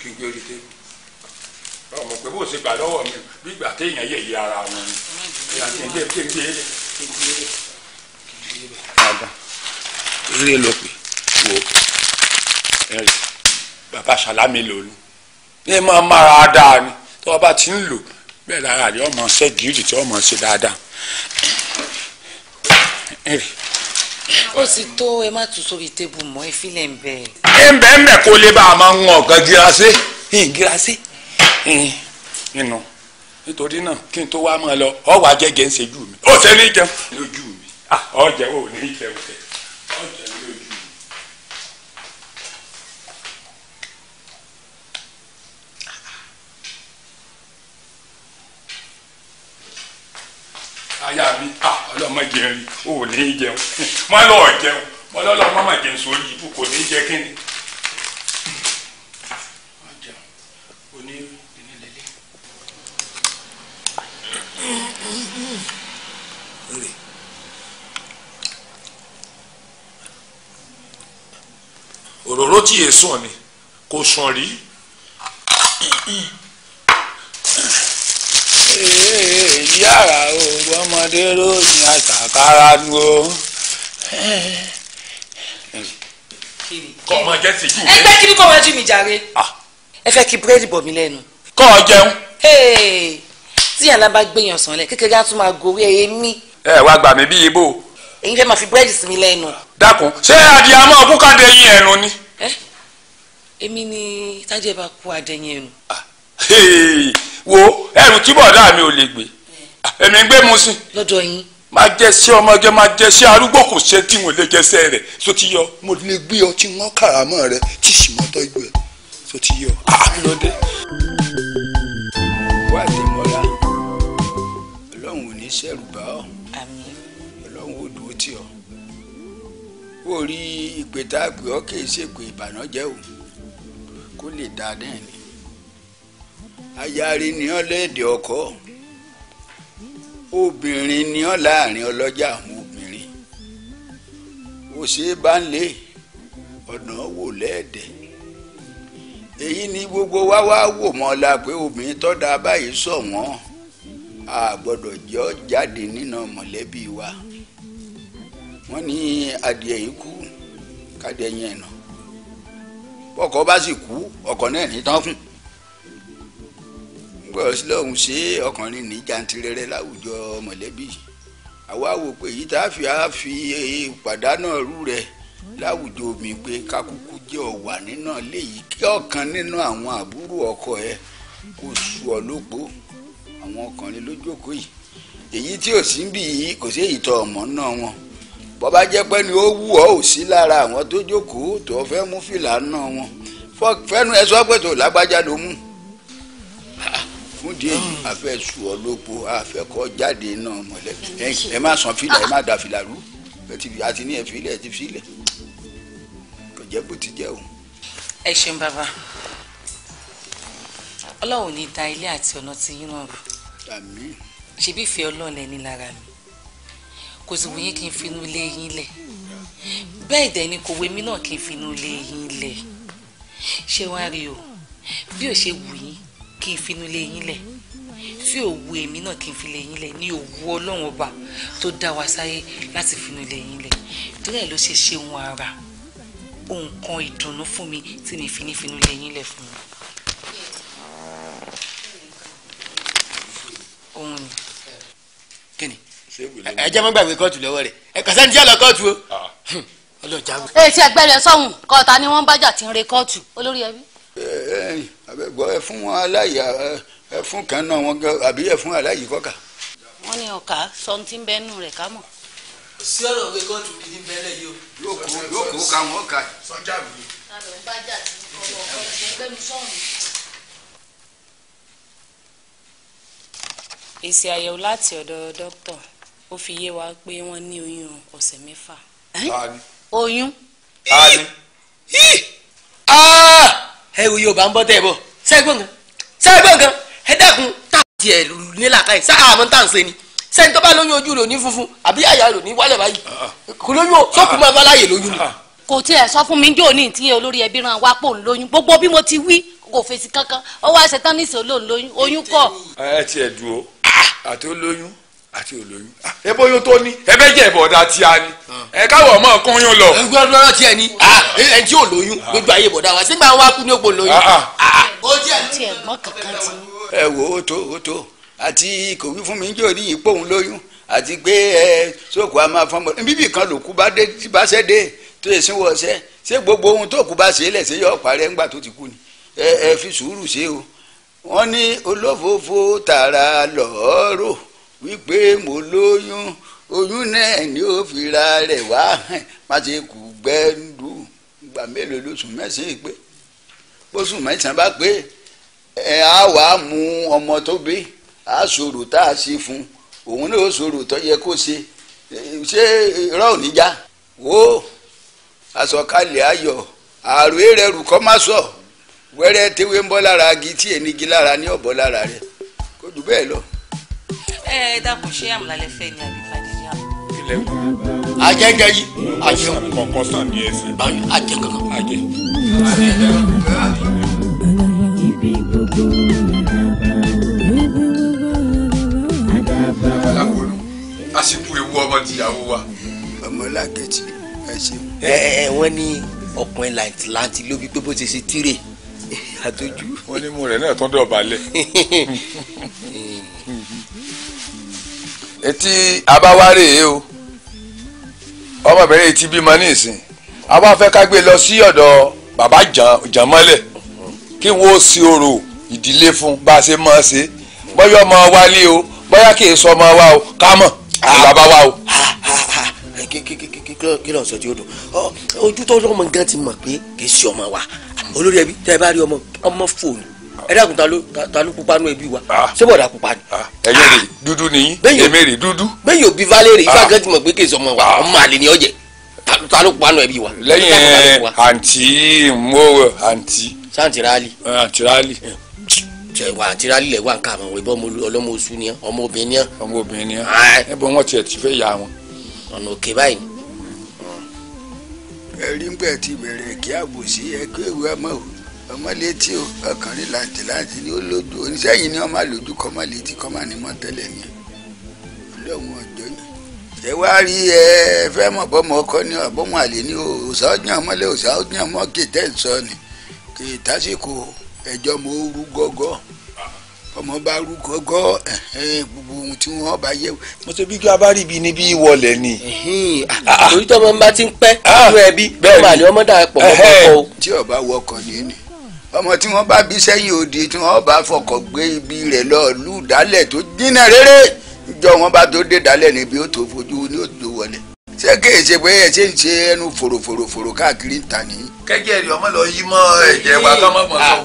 kí n gbé orí tẹ́lẹ̀ ọmọ pé bó ṣe gbà lọ́wọ́ mi bí ìgbà téèyàn yẹ̀ yí ara wọn ni kéńgbé kéńgbé àgbà rírẹ ló pè wò ẹrì bàbá sàlámì lòlù ní máa mára dáa ni tó o bá ti ń lò bẹ́ẹ̀ lára rẹ ọmọ ṣe gírì tí ọmọ ṣe dáadáa ẹrì. ó sì tó ẹ má tún sórí tébù mọ́ ẹ fílẹ̀ ń bẹ́ẹ̀. ẹ ń bẹ́ẹ̀ mẹ́ kó lè bá a máa ń wọ̀n gan gírasé gírasé. Hmm, nínú nítorí náà kí n tó wá lọ ọ wà jẹjẹ ń ṣe jù mí ó ṣe ní jẹun lójú mi ah, ọ jẹ ò ní jẹun tẹ jẹ lójú mi. aya mi ah, ọlọmọ jẹun rí ní jẹun mọ lọ jẹun mọ jẹun sórí ní jẹ òróró tí yé sùn ni kò sùn rí. yàrá òògùn ọmọdé ròyìn àtàkárá nu o. kọ́ ọmọ jẹ́ sí jù mí. ẹgbẹ́ kí ni kọ́ ọmọ jù mí jàre. ẹ fẹ́ kí búrẹ́dì bọ̀ mí lẹ́nu. kọ́ ọ jẹun. tí yàrá bá gbẹ̀yàn sàn lẹ̀ kékeré á tún máa gorí ẹyẹ mí. ẹ wá gbà mí bí ibo. èyí fẹ́ máa fi búrẹ́dì sí mi lẹ́nu dákun ṣé adìyàmọ́ ọkú ká dẹyìn ẹ̀nu ni. ẹ èmi ni tájẹ́ bá kú adẹyìn ẹ̀nu. Ah, wo ẹrù tí bọ̀dá mi ò lè gbé èmi ń gbé mu sí. lọ́dọ̀ yín. máa jẹ sí ọmọge máa jẹ sí arúgbó kò ṣe tí wọn lè jẹsẹ rẹ tó ti yọ. mo lè gbé ọ tí wọn kàràmọ rẹ tí sì mọtọ ìgbẹ tó ti yọ. àlọdẹ. wà á ti mọ́ra ọlọ́run ò ní sẹ́rù bá ọ ọlọ́run ò dúró tì ọ́. ó rí ìpè tá a pè ọ́ kì o kó lè dá náà ni ayari ni ọ́ léde ọkọ obìnrin ni ọ́ láàrin ọlọ́jà àwọn obìnrin òṣè bá ń lé ọ̀nà wò lẹ́ẹ̀dẹ̀ èyí ni gbogbo wa wá wò mọ́ la pé obìnrin tó dáa báyìí sọ wọ́n a gbọ́dọ̀ jọ jáde nínú mọ̀lẹ́bí wa. So wọ́n ní adìẹ yìí kú kádìẹ yẹn nà ọkọ bá sì kú ọkọ náà ní tán kùn gbọ́dọ̀ sí lọ́hùn ṣé ọkùnrin ní jantirẹrẹ láwùjọ mọ̀lẹ́bí àwa wò pé èyí tá a fi á fi pàdánù ọ̀rú rẹ̀ láwùjọ mi pé kákúkú jẹ́ ọ̀wà nínú léyìí kí ọ̀kan nínú àwọn àbúrò ọkọ ẹ kò su ọ lógbó àwọn ọkùnrin lójókòó yìí èyí tí ò sí ń kò sí èyí tó ọmọ náà wọn bó bá jẹ́ pé ni ó wù ọ́ ò sí lára àwọn tó jókòó tó fẹ́ mú fìlà náà wọn fẹ́nu ẹ sọ pé tó lágbájá ló mú fúndì èyí àfẹ́ sù ọ́ lópo àfẹ́kọ́ jáde náà mọ̀lẹ́bí ẹ má san fìlà ẹ má da fìlà rú àti ní ẹ fìlẹ̀ ẹ ti fìlẹ̀ kò jẹ́ bó ti jẹ́ o. ẹ ṣeun bàbá ọlọ́run ní da ilé àti ọ̀nà tí yín náà rò ṣebí ìfẹ́ ọlọ́run ẹni lára mi kò sì wòye kí n finú ilé yín lẹ̀ bẹ́ẹ̀ dẹ̀ ni kò wémi náà kí n finú ilé yín lẹ̀ ṣé wàá rí o bí ò ṣe wù yín kí n finú ilé yín lẹ̀ tí ò èmi náà kí n fi lè yín lẹ̀ ní òwú ọlọ́run ọba tó dá wa sáyé láti finú ilé yín lẹ̀ torí ẹ̀ ló ṣe ṣe ohun ara nǹkan ìdùnnú fún mi tí mi fi ní finú ilé yín lẹ̀ fún mi. ẹ jẹ́ mọ́ gbàgbé kóòtù lọ́wọ́ rẹ̀ ẹ kàn sẹ́ni tí yóò lọ kóòtù o. Ah. ẹ ti ẹgbẹ́ rẹ sọ́hùn kọ́ta ni wọ́n bájà ti ń re kóòtù olórí ẹbí. àbẹ̀gbọ́ ẹ fún wọn aláìyá ẹ fún kan náà wọn gan àbí ẹ fún aláìyí kọ́kà. wọ́n ní ọkà sọ ti ń bẹ́nu rẹ̀ ká mọ̀. sí ọ̀rọ̀ òwe kóòtù mi ní bẹ́lẹ̀ yìí o. yóò kó ká wọn kà. sọ́jà mi. èsì àyẹ̀wò láti ọ̀dọ̀ dókítà ó fi yé wa pé wọ́n ní oyún ọ̀sẹ̀ mẹ́fà. oyún. ẹ wo yorùbá ń bọ́ tẹ́ ẹ bọ̀ sẹ́gbọ̀n kan sẹ́gbọ̀n kan ẹ dákun tá a tiẹ̀ nílàkàyè sáà àmọ́ tá à ń ṣe ni sẹ́ni tó bá lóyún ojú rẹ̀ ní funfun àbí àyà rẹ̀ ní wálẹ̀ báyìí ah, ah. kò lóyún o sọ́kùn máa báláyè lóyún ni. Ah, kò tiẹ̀ sọ fún mi ní òní tí olórí ẹbí ran wa pò ń lóyún gbogbo bí mo ti wí kò fèsì kankan ó wá ṣetán níṣẹ́ olóhùn lóyún oyún kọ́. ẹ tiẹ̀ dùn o àti olóyún àti olóyún. Ah, ebo yóò tó ní. ẹbẹ jẹ ìbọdà tí a ní. Ah. ẹ káwọ ọmọ kan yóò lọ. ẹgbẹ́ ọlọ́rọ̀ tiẹ̀ ni ah. ẹ tí olóyún gbogbo ayé ìbọdà wa sígbà wa kú ní òpó olóyún. ti. ẹ wo ó tó ó tó àti kò wí fún mi jò ní ipò òun lóyún àti pé ẹ sóko a máa fọmọ bíbí kan lòkú bá dé tí bá ṣe dé tó yẹ sínwó ọṣẹ ṣé gbogbo ohun tó kú bá ṣe é lẹ̀ ṣe yọ ọ̀pá rẹ̀ ńgbà tó ti kú ni ẹ ẹ fi sùúrù ṣe o wọ́n ní olófòófó tààrà lọ́ọ́rọ́ wípé mo lóyún oyún náà ni ó fira rẹ̀ wá má ṣe kú gbẹ́ndú gbà mélòó lóṣù mẹ́sàn-án pé bóṣù mẹ́sàn-án bá pé ẹ̀ á wàá mú ọmọ tó bí á ṣòro tá a ṣe fún òun náà ó ṣòro tó yẹ kó ṣe ṣé irọ́ ò wo já wò ó asọ̀kalẹ̀ ayọ̀ àrò èrè rù kọ́ má sọ wẹ́rẹ́ tewé ń bọ́ lára agi tí ènìgi lára ní ọ̀bọ lára rẹ̀ kó jù bẹ́ẹ̀ lọ ẹ eh, eh, dákun ṣé àmàlálẹ́ fẹ́ ni àbí fàdé ní àmọ́. ilẹ̀ kò ajẹ́ jẹ́ yìí ajẹ́ kọ̀ọ̀kan sàn ní ẹsẹ̀ ajẹ́ kankan ajẹ́. ibi gbogbo alákòónú ewu ọmọ tìyàwó wa. ọmọlákejì ẹ ẹ ẹ wọ́n ní ọkùnrin làǹtìláǹtì ló pé bó ti ṣe tirẹ̀ àtọ́jú. wọ́n ní mo rẹ̀ náà tọ́ dọ̀ balẹ̀. etí abáwárè yìí e o ọmọbìnrin ti bímọ ní ìsìn àwa fẹ́ ká gbé e lọ sí ọ̀dọ̀ bàbá jànmọ́lẹ̀ kí wọ́n ó sí orò ìdílé fún bá a ṣe mọ́ ọ ṣe bóyá ọmọ wa lé o bóyá kì í sọ ọmọ wa o ká mọ̀ bàbá wa o. kí ló ń sọ tí ó dùn ojú tó lọ́mọ gan ti mọ̀ pé kì í ṣe ọmọ wa olórí ẹbí tẹ́ bá rí ọmọ ọmọ fòònù ẹ dákun ta ló ta pupa nù ẹbí wa ah. pupa ni. ẹyẹ ah. ah. rè dúdú ni rè dúdú. bẹ́ẹ̀ ifá wa ọmọ àlè ni ọjẹ ta wa. lẹ́yìn àǹtí mo àǹtí. àǹtí àǹtí ọlọmọ oṣù ọmọ obìnrin ni. ọmọ obìnrin ni ẹ bọ wọn ti ya wọn. ọ̀nà òkè báyìí ẹ̀rí ń ti bẹ̀rẹ̀ kí ọmọlétí o ọkànrin láti láti ní ó lójú oníṣẹ́yìn ni wọ́n máa lójú kọ́ máa kọ́ máa ní mọ́ tẹ́lẹ̀ ni ọlọ́run ọjọ́ yìí ṣé wàá rí ẹ fẹ́ mọ̀ bọ́mọ ọkọ ní ọ̀bọ́mọ àlè ní òòsà ọ̀jàn mọ́lẹ̀ òòsà ọ̀jàn mọ́ kìtẹ́ ń sọ ni kì í tásìkò ẹjọ́ mo rú gọ́gọ́ ọmọ bá rú gọ́gọ́ gbogbo ohun tí wọ́n bá yẹ. mo ṣe bí kí a bá rí ibi níbí ìwọlẹ̀ ni. Ah, ah, ah. torí tọ́mọ bá ti ń pẹ́ nínú ẹbí bẹ́ẹ̀ ni ọmọ dà pọ̀ mọ́ pọ̀ o. tí ọba wọkọ̀ ní ni ọmọ tí wọ́n bá bí sẹ́yìn odi tí wọ́n bá fọkọ̀ gbé ibi rẹ̀ lọ lù dálẹ̀ tó jìnnà rere níjọ́ wọ́n bá tó dé dálẹ̀ níbi ó tó fojú ní ó wọlé ṣé kìí pé ẹ ṣe ń ṣe ẹnu fòròfòròfòrò káàkiri ìta ni. kẹ́kẹ́ rí ọmọ lọ yí mọ́ ẹ̀jẹ̀ wa kọ́ sọ ah.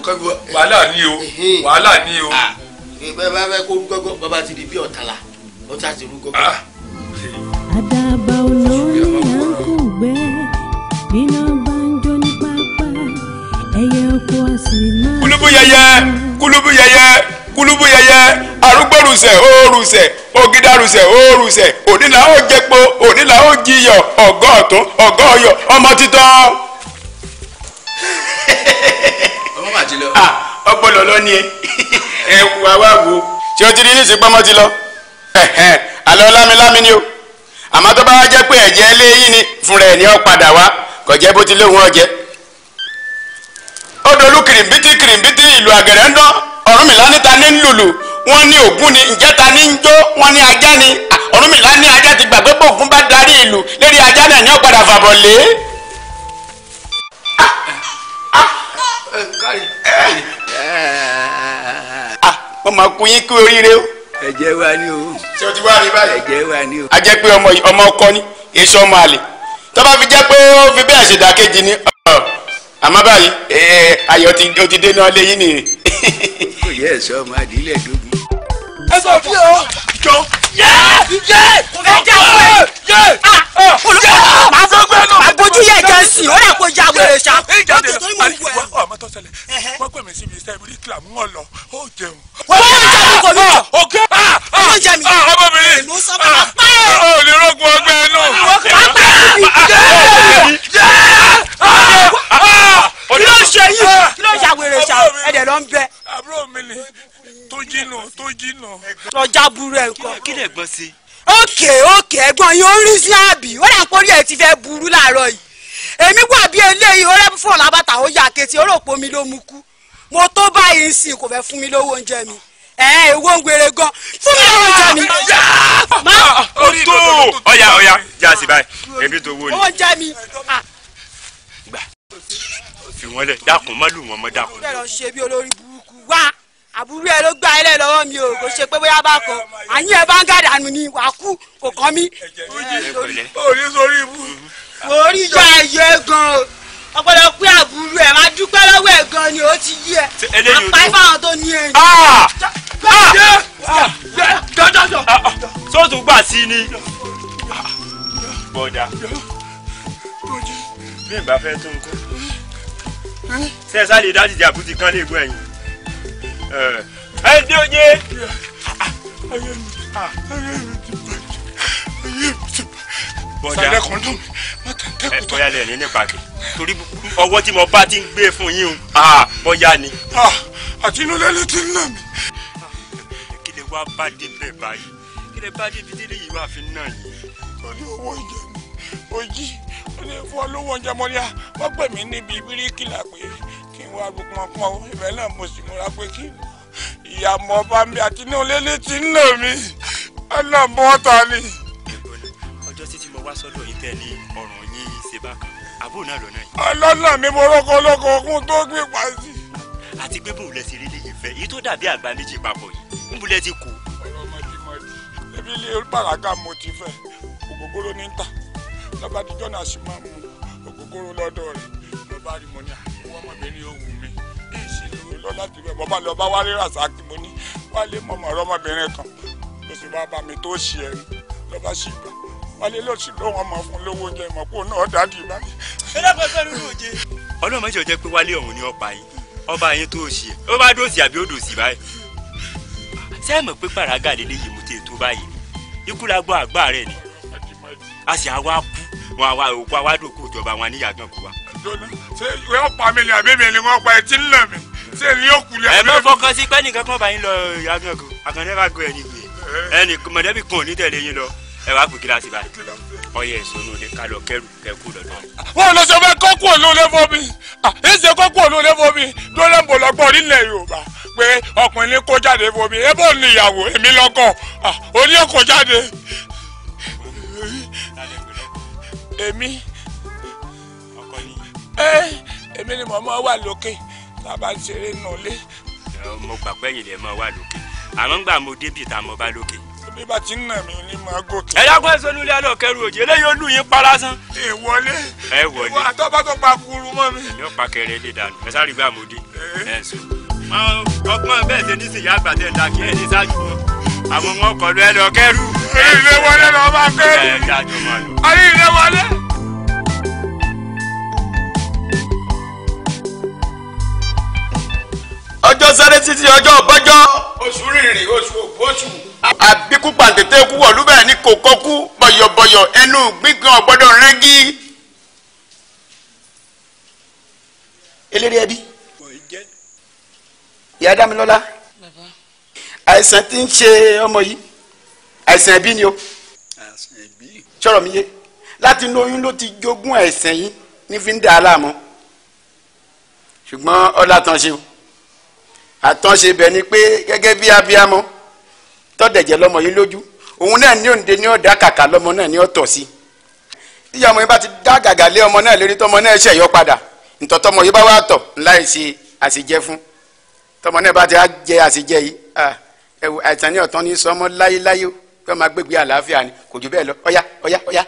wàhálà ni o ah. wàhálà ni o. bẹ́ẹ̀ ah. bá kó rú bàbá ti di bí ọ̀tàlà ọ̀tà ti rú kulubu yẹyẹ kulubu yẹyẹ kulubu yẹyẹ arúgbórùsẹ̀ òórùsẹ̀ ògidàrùsẹ̀ òórùsẹ̀ ònílà ó jẹpo ònílà ó jiyọ̀ ọ̀gọ́ ọ̀tún ọ̀gọ́ ọ̀yọ̀ ọmọ títọ́. ọmọ màá ẹ wà wá wo. o ti rí nísìsiyìí pọ́nmọ́ ti lọ lámilámi ni o àmọ́ tó bá wá jẹ́ pé ẹ̀jẹ̀ ni fúnra ẹ̀ dolú kìrìbìtì kìrìbìtì ìlú àgẹ̀rẹ̀ ń dán Ọ̀rúnmìlà níta ní lùlù wọ́n ní Ògún ni ìjẹta ní ń jó wọ́n ní ajá ni Ọ̀rúnmìlà ní ajá ti gbàgbé pé Ògún bá darí ìlú lérí ajá náà ní ọ̀padà fàbọ̀ lé. ọmọ kú yín kú oríire o. ẹ̀jẹ̀ wa ni o. ṣé o ti wá rí báyìí. ẹ̀jẹ̀ wa ni o. a jẹ́ pé ọmọ ọkọ ni èso ọmọ àlè tó fi jẹ́ pé ó fi bẹ́ẹ̀ ṣèdàkejì ni àmọ́ báyìí ayọ̀ ti dé náà lẹ́yìn nìyí. kò yẹ ẹ̀sọ́ ọmọ àdìlẹ̀ dógún. ẹ sọ fún ọ jọ. yé yé ẹ jẹ ìwé yé olùkọ́ máa fọ́ gbẹ́ náà. àgbójú yẹ kẹ́ sí ó dà kó ja wèrè ṣá. ìjà tó tó ìwé ìwé. ọmọ tó ṣẹlẹ̀ wọ́n pè mí síbi iṣẹ́ ibi tí kìlà mú ọ lọ ó jẹun. wọ́n yóò jẹ́ àbúkọ̀ lójọ. sí. okay okay ẹ̀gbọ́n yín ó rí sí àbí ó dà ń kórìí ẹ̀ ti fẹ́ burú láàárọ̀ yìí èmi gbà bí eléyìí ó rẹ́ fún ọ̀làbàtà ó yà kété ó rò pé omi ló mu kú mo tó báyìí ń sìn kò fẹ́ fún mi lówó oúnjẹ mi ẹ ewo ń gbére gan fún mi lówó oúnjẹ mi. o tó ọ̀yà ọ̀yà já sí báyìí èmi tó wó ni. oúnjẹ mi. Ah. gbà fi wọn lẹ dákun mọ́lù wọn mọ́ dákun. bẹ́ẹ̀ lọ ṣe bí olórí burúkú wá àbúrò ẹ ló gbá ilé lọ́wọ́ mi o kò ṣe pé bóyá bá kan àyín ẹ bá ń gàdà nù ni wà kú kò kàn mí. orí sórí ibú. orí yọ ẹyẹ gan o ọpọlọ ẹ máa dúpẹ́ lọ́wọ́ ẹ gan ni ó ti yí ẹ apá ìfáwọn tó ní ẹyìn. Ah! Ah, ah. sọ́ọ̀tù gbà sí ni bọ́dà bí ìbá fẹ́ tó ń kọ́ sẹ́ẹ̀sá dájú ìjà àbútí kan lè gbọ́ ẹ̀yìn ẹ dé oye. ayé mi ayé mi ti bàjẹ́ ayé mi ti bàjẹ́. sàdé kan dùn má tẹ̀ tẹ́ kúta. ẹ bóyá lẹ́yìn ní pàkì torí ọwọ́ tí mo bá ti ń gbé fún yín o bóyá ni. àti inú lẹ́lẹ́ ti ń nà mí. kí lè wá bá débẹ̀ báyìí kí lè bá débi délé yìí wá fi nà yìí. ó ní owó ìjẹun ojí ó ní fún ọ lówó oúnjẹ mọ́lẹ́à wọ́n pè mí níbi bíríkìlà pé ìwọ àgùnpọ̀npọ̀ ìwẹ́ náà mo sì múra pé kí ìyàmọ̀ ọba mi àti inú lélẹ́ ti ń nà mí ọ̀nà bọ́ta ni. ọjọ́ títí mo wá sọ́dọ̀ yìí tẹ́lẹ̀ ọ̀ràn yín ṣe bákan àbúrò náà lọ́nà yìí. ọlọ́nà mi mo rọ́kọ ọlọ́kọ ogun tó gbé pàṣẹ. àti pé bóun lẹ ti rí lè fẹ́ èyí tó dàbí àgbà méjì papọ̀ yìí níbo lẹ ti kú. ọ̀rọ̀ mọ̀tìmọ̀tì ẹbí ilé mo ti fẹ́ ògógóró ní ń tà lọ́bàdíjọ́ ọmọbìnrin yóò wù mí èsì ló lọ láti bẹ bọba lọ bá wálé rasaki mo ní wálé mọmọ ọmọbìnrin kan ló sì bá bá mi tó ṣe ẹ̀rí lọba sì gbà wálé ló sì lóun ọmọ fún lówó oúnjẹ mọ kó náà dájú ìbá mi. ẹlẹ́gbẹ́ fẹ́ rúru òjé. ọlọ́run mẹ́jọ jẹ́ pé wálé ọ̀hún ni ọba yín ọba yín tó ṣe ó bá dòsì àbí ó dòsì báyìí. sẹ́ẹ̀mọ̀ pé pàrágà lélẹ́yìí mo tẹ̀ tó báyìí ikú la gbọ́ àgbà rẹ̀ ni a sì á wá kú wọn àwa òkú àwa dòkú ìjọba wọn níyàgàn kú wa dọ́nà ṣé yóò pa mi ni àbí mi ni wọ́n pa ẹ tí ń lọ mi ṣé ni yóò kú lẹ́yìn. ẹ má fọkàn sí pé nìkan kan bá yín lọ àgàngàn àgàngàn bá gbé ẹni gbé eh. ẹni mọ̀lẹ́bí kan ò ní tẹ̀lé yín lọ ẹ wá pè kíláàsì báyìí ọyẹ ìṣòro ni ká lọ kẹrù kẹkù lọ́dọ̀. wọn lọ sọ fẹ kọkù olóòlé fún mi èsì kọkù olóòlé fún mi lọ́lẹ́ mo lọ gbọ́ nílẹ̀ Yorùbá pé ọkùnrin kó jáde fún mi ẹ bọ́ ní ìyàwó èmi lọ́kọ̀ oníyẹ̀kọ̀ jáde èmi. Eh, èmi ni mo máa wà lókè tá a bá ń ṣeré nù lé. mo gbà pé ẹ̀yin lè máa wà lókè àmọ́ ń gbà mo débi tá a mọ̀ bá lókè. bí bá ti ń nà mí ni màá gòkè. ẹ dákun ẹsẹ olú ilé àlọ kẹrù òjì eléyìí olú yín para san. ẹ wọlé ẹ wọlé ìwọ àtọ́bá tó pa kúrú mọ́ mi. èmi ò pa kẹrẹ ilé dànù ẹ sáré gbà mo dé. ẹ sọ ọgbọ́n bẹ́ẹ̀ ṣe ní sèyí àgbàdẹ ńlá kí ẹ ní sáájú wọn àwọn ọmọkọ̀ọ́lù ẹ lọ kẹrù. ilé wọlé lọ bá kẹrù. ayé ilé wọlé. ó sáré títí ọjọ́ ọbọ́jọ́. oṣù rìnrìn oṣù oṣù. àbíkú pàǹtẹ̀tẹ̀ kú wọ̀lú bẹ́ẹ̀ ni kò kọ́kú bọ̀yọ̀bọ̀yọ̀ ẹnu gbígan ọ̀gbọ́dọ̀ rẹ́gí. eléré ẹbí. ìyá dámilọ́lá. àìsàn tí ń ṣe ọmọ yìí àìsàn ẹbí ni o. àìsàn ẹbí. sọ̀rọ̀ mi yé láti inú oyún ló ti jogún àìsàn yìí ní fi ń dà á láàmú ṣùgbọ́n ọlá tán ṣe o. àtọ́ṣe bẹ̀ ni pé gẹ́gẹ́ bí abiyamọ tọ́dẹ̀jẹ̀ lọ́mọ yìí lójú òun náà ní òǹde ní ọ̀dà kàkà lọ́mọ náà ní ọ̀tọ̀ sí iye ọmọ yìí bá ti dá gàgà lé ọmọ náà lérí tọmọ náà ntọ́tọ́mọ yìí bá wà tọ̀ láì ṣe fún tọmọ náà bá ti jẹ yìí àìsàn ní ní sọmọ máa gbégbé àlàáfíà ni kò jù bẹ́ẹ̀ lọ ọ̀yá ọ̀yá ọ̀yá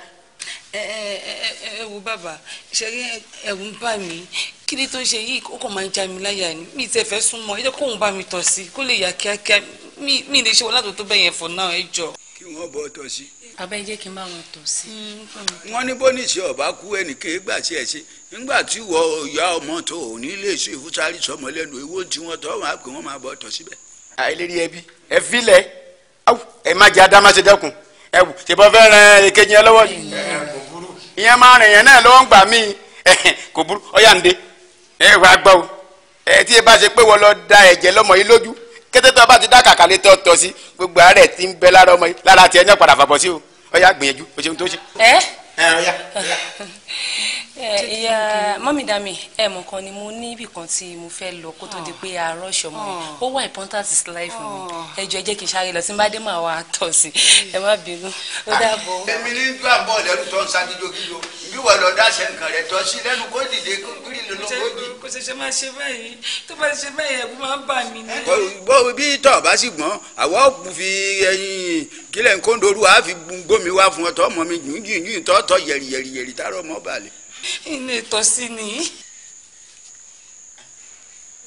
ẹ wo bàbá ṣe rí ẹ̀rù ń bà mí kí ni tó ń ṣe yìí ó kàn máa ń já mi láyà ni mi ti ẹ̀fẹ́ sún mọ́ ẹ jẹ́ kóun bá mi tọ̀ sí kó lè yà kíákíá mi lè ṣe wọn látò tó bẹ̀yẹn fọ̀ náà ẹ jọ. kí wọ́n bọ́ tọ̀ sí. abẹ́ jẹ́ kí n bá wọn tọ̀ sí. Hmm, wọ́n ní bóníṣe ọ̀bá kú ẹnìkan ìgbà tí ẹ ṣe nígbà tí wọ ìyá ọmọ tó ò ní lè ṣe ìfúsárì sọmọ lẹ́nu ewó tí wọ́n tọ́ wọn á pè wọ́n máa bọ́ tọ̀ síbẹ̀. àìlérí ẹbí ẹ fílẹ̀ ẹ má jẹ́ adámáṣe ẹwù ṣèbọn fẹ́ rẹ èkejì yẹn lọ́wọ́ yìí ìyẹn máa rìn yẹn náà lọ́wọ́ ń gbà mí kò burú ọ̀yà ǹde ẹ wàá gbọ́ o ẹ tí ẹ bá ṣe pé wọ́n lọ da ẹ̀jẹ̀ lọ́mọ yìí lójú kété tó o bá ti dá kàkà lé tọ́ tọ́ sí gbogbo àárẹ̀ tí ń bẹ lára ọmọ yìí lára tiẹ̀ ní ọ̀padà fàbọ̀ sí o ọ̀yà gbìyànjú o ṣeun tó ṣe. ẹ ẹ ọ̀yà ọ̀yà. ìyá mọ́mí dami ẹ mọ̀ kan ni mo ní ibì kan tí mo fẹ́ lọ kó tó di ah. pé àárọ̀ ṣọmọ yìí ó wà important is life fún mi ah. ẹ jọ̀ọ́ ẹ jẹ́ kí n sáré lọ tí n bá dé màá wá tọ̀ sí ẹ má bínú ó dàbọ̀. Ah, èmi ní gbà bọ̀ lẹ́nu tó ń sa dídó kíjó bí wọ́n lọ dáṣẹ nǹkan rẹ̀ tọ́ sí lẹ́nu kó dìde kó gírí lọ́nà kó dì. kò ṣe ṣe máa ṣe báyìí tó bá ṣe báyìí ẹ̀kú máa ń bà mí ní. bó bí tọ̀ bá sì gbọ́n àwọ̀ fi ẹyin kílẹ̀ ń kóńdorú àá fi gbómi wá fún ọ tọ́ mọ́ mi jùjù tọ́ tọ́ yẹ̀rì yẹ̀rì yẹ̀rì tààrọ̀ mọ́ balẹ̀ inú ìtọ́sí ni.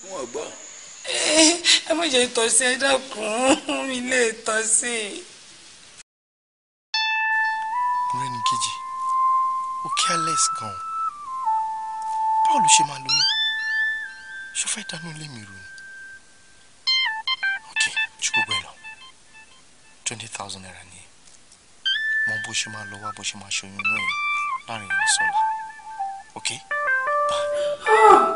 wọn gbọ́. ẹ má jẹ́ ìtọ́sí ẹ dákun ilé ìtọ́sí. ọkùnrin ẹnì kejì ó careless gan-an báwo ló ṣe máa lóyún ṣó fẹ́ dánú ilé mi rò ni. ok ju gbogbo ẹ lọ twenty thousand naira ni mo bó ṣe máa lọ wá bó ṣe máa ṣoyún lóyún láàrin ìrìnsọ̀la okay? Bye.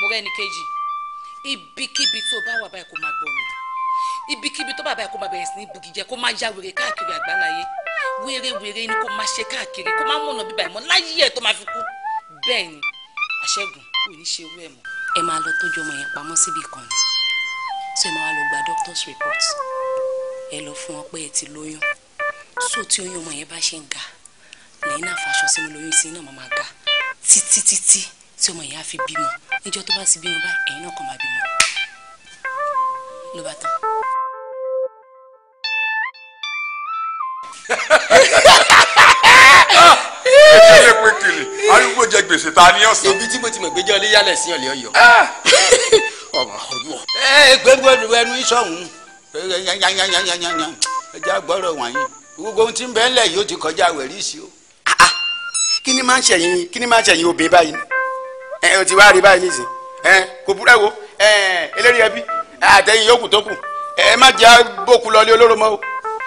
mo rẹ́ ní kejì ibikíbi tó bá wà báyìí kó máa gbọ́ mi ibikíbi tó bá báyìí kó máa bẹ̀rẹ̀ sí ní bugijẹ́ kó máa ya wèrè káàkiri àgbáláyé wérewère ni kó máa ṣe káàkiri kó máa mọ̀nà bíbá ìmọ̀ láyé ẹ̀ tó máa fi kú bẹ́ẹ̀ ni àṣẹ́gun ò ní ṣe irú ẹ̀ mọ́ ẹ máa lọ tọ́jú ọmọ yẹn pamọ́ síbi kan ni so máa lọ gba doctor's report ẹ lọ fún wọn pé ẹ ti lóyún so tí oyún ọmọ yẹn bá ṣe ń ga lẹ́yìn náà faṣọ sínú lóyún sí náà máa ga títí títí tí ọmọ yẹn á fi bímọ níjọ́ tó bá ti bímọ báyìí ẹ̀yin náà kàn máa bímọ ló bá tán. ètò ilé pé kele arúgbó jẹ gbèsè ta ní ọ̀sán. ibi tí mo ti mọ̀ gbẹjọ́ ilé yálẹ̀ sí ọ̀lẹ́ ọ̀yọ́. Ah! ọmọ ọdún. ẹ gbẹgbẹ ẹnu iṣọ́ ọ̀hún ẹja gbọ́rọ̀ wọ̀nyí gbogbo ohun tí ń bẹ ńlẹ̀ yìí ó ti kọjá wẹ̀rísì o. Ah, ah. kí ni máa ń ṣẹ̀yìn kí ni máa ń ṣẹ̀yìn obìnrin báyìí ẹ ẹ ti wá rí báyìí nìsín ẹ kò búrẹ́ wo ẹ eléré ẹbí àtẹ̀yìn yòókù tó kù ẹ má jẹ́ bókù lọlé olóró mọ́ o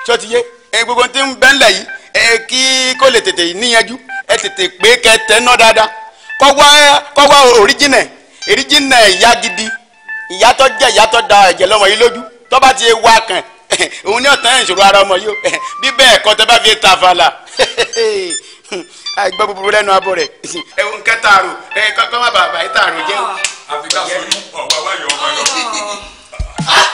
ṣó ti yé ẹ gbogbo ohun tí ń bẹ ńlẹ̀ yìí ẹ kí kó lè tètè níyanjú ẹ tètè pé kẹtẹ náà dáadáa kọ́wá kọ́wá òríjìnà èríjìnà ìyá gidi ìyá tó jẹ́ ìyá tó da ẹ̀jẹ̀ tó bá ti wá kàn òun ní ọ̀tán ìṣòro ara ọmọ yìí bí bẹ́ẹ̀ kọ́ tẹ́ bá fi ta fàlà àìgbọ́ búburú lẹ́nu abọ́ rẹ̀. ẹ̀wọ̀n kẹta àrò ẹ̀ kọ́kọ́ má bàbá yìí tààrò jẹ́ o. Ah. àfi ká sọ ní ọ̀wá wáyọ̀ yọ. Ah. Ah.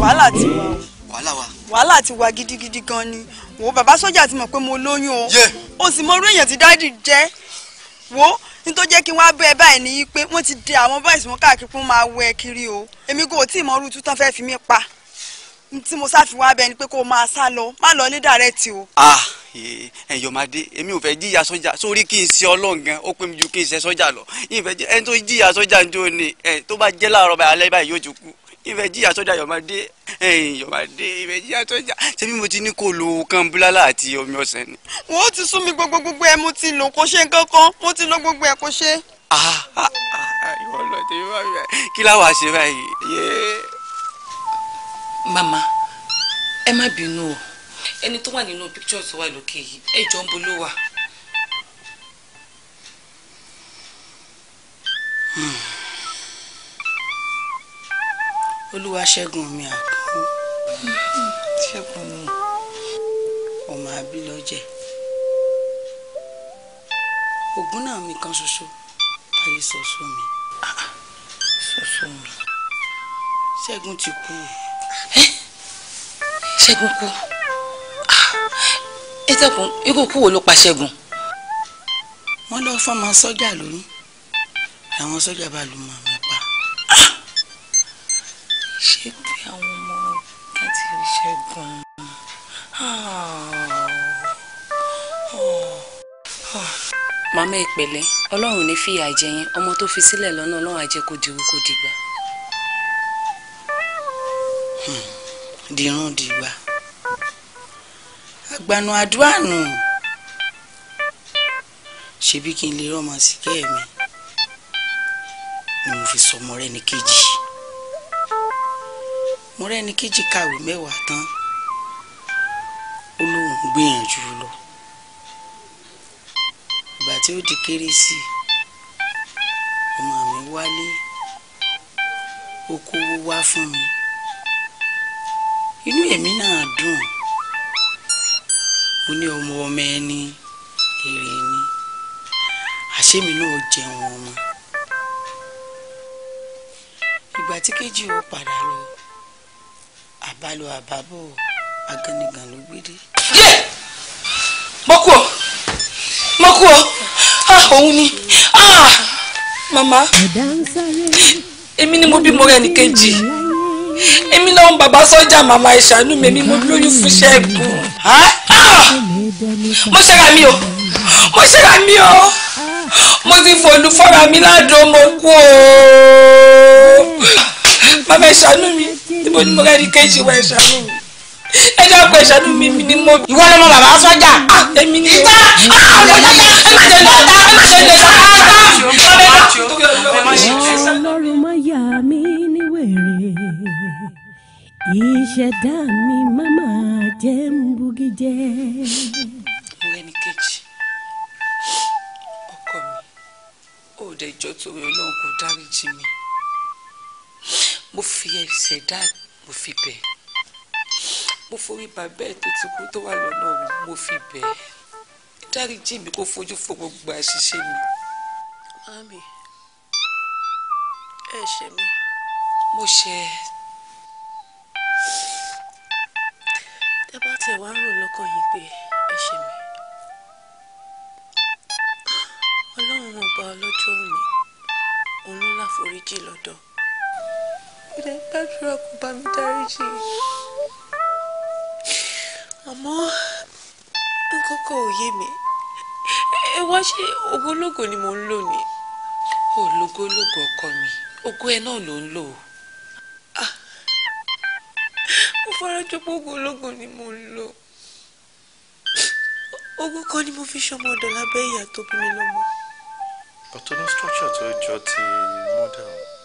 wàhálà ti wà wàhálà wa wàhálà ti wà gidigidi gan ni wo bàbá sójà ti mọ̀ pé mo lóyún o ó sì mọ orí èèyàn tí dáàdì jẹ́ wo ní tó jẹ́ kí wọ́n á bẹ́ẹ̀ báyìí ní pé wọ́n ti dẹ àwọn bọ́ìsì wọn káàkiri fún máa wẹ kiri o èmi kò tí ì mọ irú tuntun fẹ́ fi mí pa tí mo sáfiwá bẹ ni pé kó máa sá lọ má lọ ní dàrẹ́tì o. Ah, ẹ̀yọ̀mádé èmi ò fẹ́ jíyà sọ́jà sórí kí n ṣe ọlọ́run gan ó pé mi ju kí n ṣe sọ́jà lọ ẹni tó jíyà sọ́jà ń jó ni ẹ̀ tó bá jẹ́ láàárọ̀ báyìí alẹ́ báyìí yóò ti kú ìfẹ́ jíyà sọ́jà yọ̀mọdé ẹ̀yìn yọ̀mọdé ìfẹ́ jíyà sọ́jà ṣebí mo ti ní kó lo kan búlálà àti omi ọ̀sẹ̀ ni. wọ́n ti sún mi gbogbo gbogbo ẹ mo ti lò kó ṣe kankan mo ti lọ gbogbo ẹ kó ṣe. Ah, ah, ah, ìwọ lọ tẹ yóò wá kí láwàá ṣe báyìí. màmá ẹ má bínú o ẹni tó wà nínú píkṣọ tó lókè yìí ẹ jọ ń bolo wà olúwa ṣẹ́gun mi àpò ṣẹ́gun mi ọmọ àbílọ́jẹ ògùn náà mi kan ṣoṣo táyé ṣoṣo mi ṣoṣo ah, mi ṣẹ́gun ti kú eh? ṣẹ́gun kú ah, ẹ̀tẹ̀kùn ikú kú wo ló pa ṣẹ́gun. wọ́n lọ fọ́mọ sọ́jà lóyún làwọn sọ́jà bá lu màmá ṣé pé àwọn ọmọ láti rí ṣẹ́gun màmá ìpẹ̀lẹ́ ọlọ́run ní fìyà jẹ yín ọmọ tó fi sílẹ̀ lọ́nà ọlọ́run àjẹ́ kó dirú kó dìgbà. Hmm. dìrún dìgbà àgbànú àdúrà ṣebí kí n lè rọmọ sí kẹ́ ni mo fi sọmọ rẹ ní kejì mo rẹ́ni kejì kàwé mẹ́wàá tán ó lóun gbìyànjú lọ ìgbà tí ó di kérésì ọmọ mi wálé ó kówó wá fún mi inú èmi náà dùn mo ní ọmọ ọmọ ẹni èrè ni àṣémi náà jẹun ọmọ ìgbà tí kejì ó padà lọ àbálò àbábò aganigan ló gbé yé mo kú o mo kú o ah òun ni ah màmá èmi ni mo bímọ rẹ ní èmi náà ń bàbá sọ́jà màmá ìṣàánú mi èmi mo lóyún fún ṣẹ́gun ah! Ah! mo ṣẹ́ra mi o mo ṣẹ́ra mi o mo ti fòlù fọ́ra mi ládùn mo kú o bàbá ìṣàánú mi níbo ni mo rẹ́ ní kéjì wa ìṣàánú mi ẹ dákun ìṣàánú mi mi ni mo. ìwọ ni mo bàbá sọjà. Ah, èmi ni ìta àwọn ah, ah, ọ̀dọ́ ẹ má ṣe lọ ẹ má ṣe lọ ta ẹ má ṣe ìṣẹ̀dá mi máma jẹ́ ń bugi jẹ́. ọ̀rẹ́ni kejì ọkọ mi ò dẹjọ́ torí ọlọ́run kò dáríjì mi mo fi ẹsẹ̀ dá mo fi bẹ̀ mo forí bàbá ẹ̀ tó ti kú tó wà lọ́nà mi mo fi bẹ̀ dáríjì mi kó fojú fo gbogbo àṣìṣe mi. mami ẹ ṣe mi. mo ṣe. tẹ bá tẹ wá ń rò lọ́kàn yìí pé ẹ ṣe mi. ọlọ́run ọba ọlọ́jọ́ òní òun láforíjì lọ́dọ̀ mo dẹ̀ ń gbàdúrà kó bá mi dáríjì àmọ́ nǹkan kan ò yé mi ẹ wá ṣe o ni mo ń lò ní. o logologo ọkọ mi ògo ẹ náà ló ń lò ó. Ah, mo fara jọ kan ni mo fi ṣọmọ ọ̀dọ̀ lábẹ́ ìyá tó bí mi lọ́mọ. ọ̀tọ̀ ní structure tó jọ ti model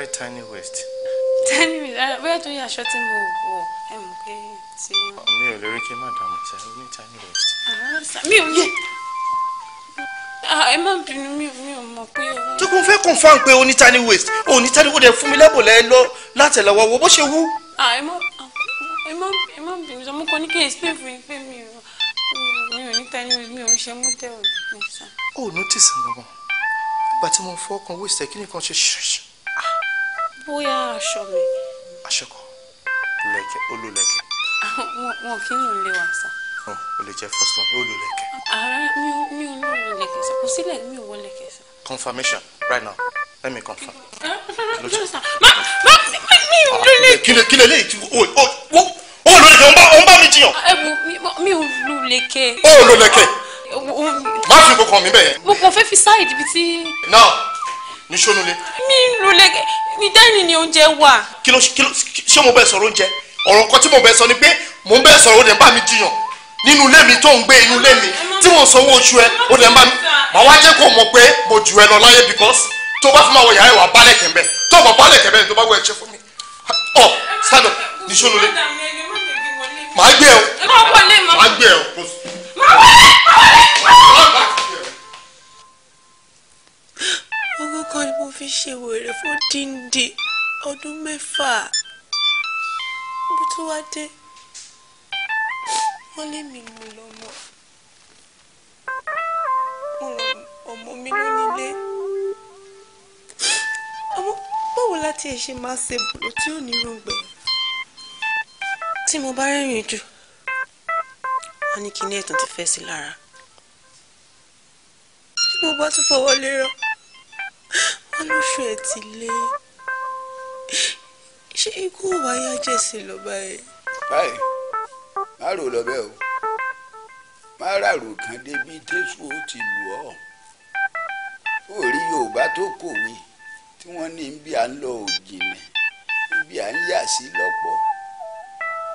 very tiny waist. tiny waist eh, bóyá tó yẹ aṣọ tí mo wọ̀ ẹ mọ̀ pé Me, mi ò lè rí kí madam tẹ ó ní tiny waist. Ah, mi ò yẹ ah, ẹ má bínú mi ò mọ̀ pé. tí kò fẹ́ confam pé o ní tiny waist o ní tiny waist fún mi lẹ́bùn lẹ́ lọ láti lọ́wọ́ wo bó ṣe wú. Ah, ẹ má bínú sọ mo kọ́ ní kí n explain fún yín pé mi ò mi ò ní tiny waist mi ò ń ṣe mú tẹ́ ò ní sàn. o notice nǹkan kan gbàtí mo fọ́ kan waist ẹ̀ kí nìkan ṣe ṣẹ̀ṣẹ̀ bóyá aṣọ mi. aṣọ kan lẹkẹ ó lò lẹkẹ. wọn kì í lò lé wa sá. Oh, o lè jẹ first one ó lò lẹkẹ. ara mi ò mi ò lò lò lẹkẹ sá kò sílẹ̀ mi ò wọ lẹkẹ sá. confirmation right now let me confirm. Ah, ma ma mi ò lò ah, lẹkẹ. kílẹ̀ kílẹ̀ lẹ́yìn tí o o o o lò lẹkẹ o ń bá mi jiyàn. Ah, mi ò lò lẹkẹ. o lò lẹkẹ. má fi kankan mi bẹ́ẹ̀. mo kàn fẹ́ fi sáà ìdíbi tí. náà ní sónúlé. mi ń lulẹ̀ ní dẹ́rìn ni oúnjẹ wà. kí ló kí ló ṣé mo bẹ sọ̀rọ̀ oúnjẹ ọ̀rọ̀ kan tí mo bẹ sọ ni pé mo bẹ sọ̀rọ̀ ó dẹ̀ bá mi jiyàn nínú ilé mi tó ń gbé inú ilé mi tí mo sanwó oṣù ẹ ó dẹ̀ bá mi màá wá jẹ́ kó mọ̀ pé mo jù ẹ lọ láyé because tó bá fún ma wọ yàrá ìwà balẹ̀ kẹ̀mbẹ́ tó bá balẹ̀ kẹ̀mbẹ́ tó bá wọ ẹ ṣe fún mi ọ stand up ní sónúlé màá gbé ẹ o màá gbé o. màá wọlé màá wọlé. fi ṣe wèrè fún díndín ọdún mẹ́fà bó tún wá dé wọ́n lé mi mú lọ́mọ ọmọ mi ló nílé àmọ́ báwo láti ẹ̀ ṣe máa ṣe bùrù tí ò ní rògbẹ̀ tí mo bá rẹ́rìn jù wọ́n ní kí ní ẹ̀tàn ti fẹ́ sí lára tí mo bá tún fọwọ́ lérò irúfẹ́ ti lé ṣé ikú wáyà jẹ̀sí lọ báyìí. báyìí má rò lọ bẹ́ẹ̀ o má ràrò kan débi tẹ́sù ó ti lù ọ́ ó rí yorùbá tó kòwé tí wọ́n ní bí à ń lọ òjìnà bí à ń yà sí lọ́pọ̀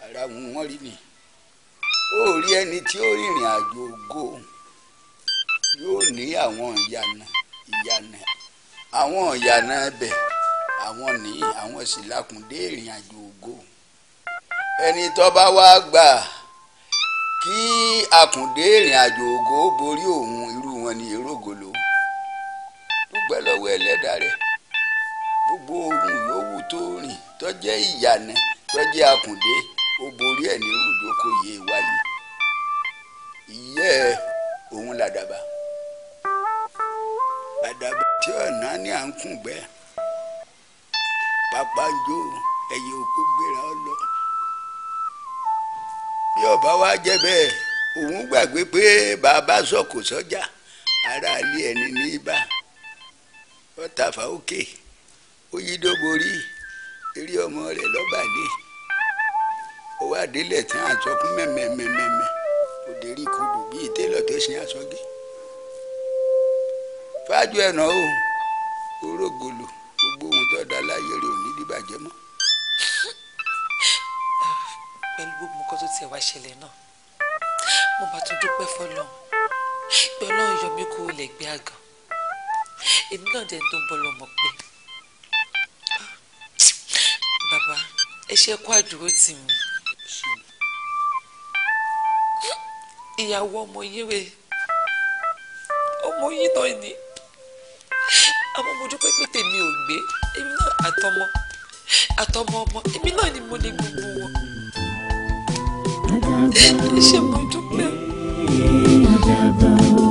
ara wọn rí ni ó rí ẹni tí ó rìnrìn àjò ògo yóò ní àwọn ìyànà ìyànà àwọn ìyànà ẹbẹ̀ àwọn ní àwọn sì lákùndé ìrìn àjò ògo ẹni tó bá wá gbà kí àkùndé ìrìn àjò ògo borí òun irú wọn ni èrògolo dúpẹ́ lọ́wọ́ ẹlẹ́dà rẹ̀ gbogbo ohun yòówù tó rìn tó jẹ́ ìyànà tó jẹ́ àkùndé ó borí ẹ̀ ní rúdòkó wáyé ìyẹ́ òun làdàbà àdàbà tí ọ̀nà ni à ń kùn gbẹ pàpàǹjọ ẹ̀yẹ òkú gbéra lọ bí ọba wa jẹ́ bẹ́ẹ̀ òun gbàgbé pé bàbá sọ̀kò sọ́jà aráàlú ẹni ní ibà ọ̀tàfà òkè ó yí dóborí eré ọmọ rẹ̀ lọ́bàdé ó wá délẹ̀ tán àtọkùn mẹ́mẹ́mẹ́mẹ́ òdèrí kùdù bíi télọ̀ tó ṣe fájú ẹ̀nà o orógolo gbogbo ohun tó dá láyé rẹ̀ ò ní dìbàjẹ́ mọ́. pẹ̀lú gbogbo nǹkan tó tiẹ̀ wá ṣẹlẹ̀ náà mo bá tún dúpẹ́ fọlọ́run pé ọlọ́run yọ mí kó lè gbé àgàn èmi náà dẹ̀ tó ń bọ́ lọ́mọ pé bàbá ẹ ṣe kó àdúró tì mí ìyàwó ọmọ yín rè ọmọ yín náà ni àwọn ọmọ ojú pépé tèmi ò gbé èmi náà àtọmọ àtọmọ ọmọ èmi náà ni mo ní gbogbo wọn ṣe mo dúpẹ́. àdàbà àdàbà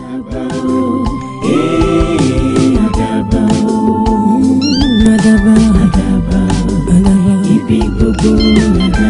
àdàbà àdàbà àdàbà ibi gbogbo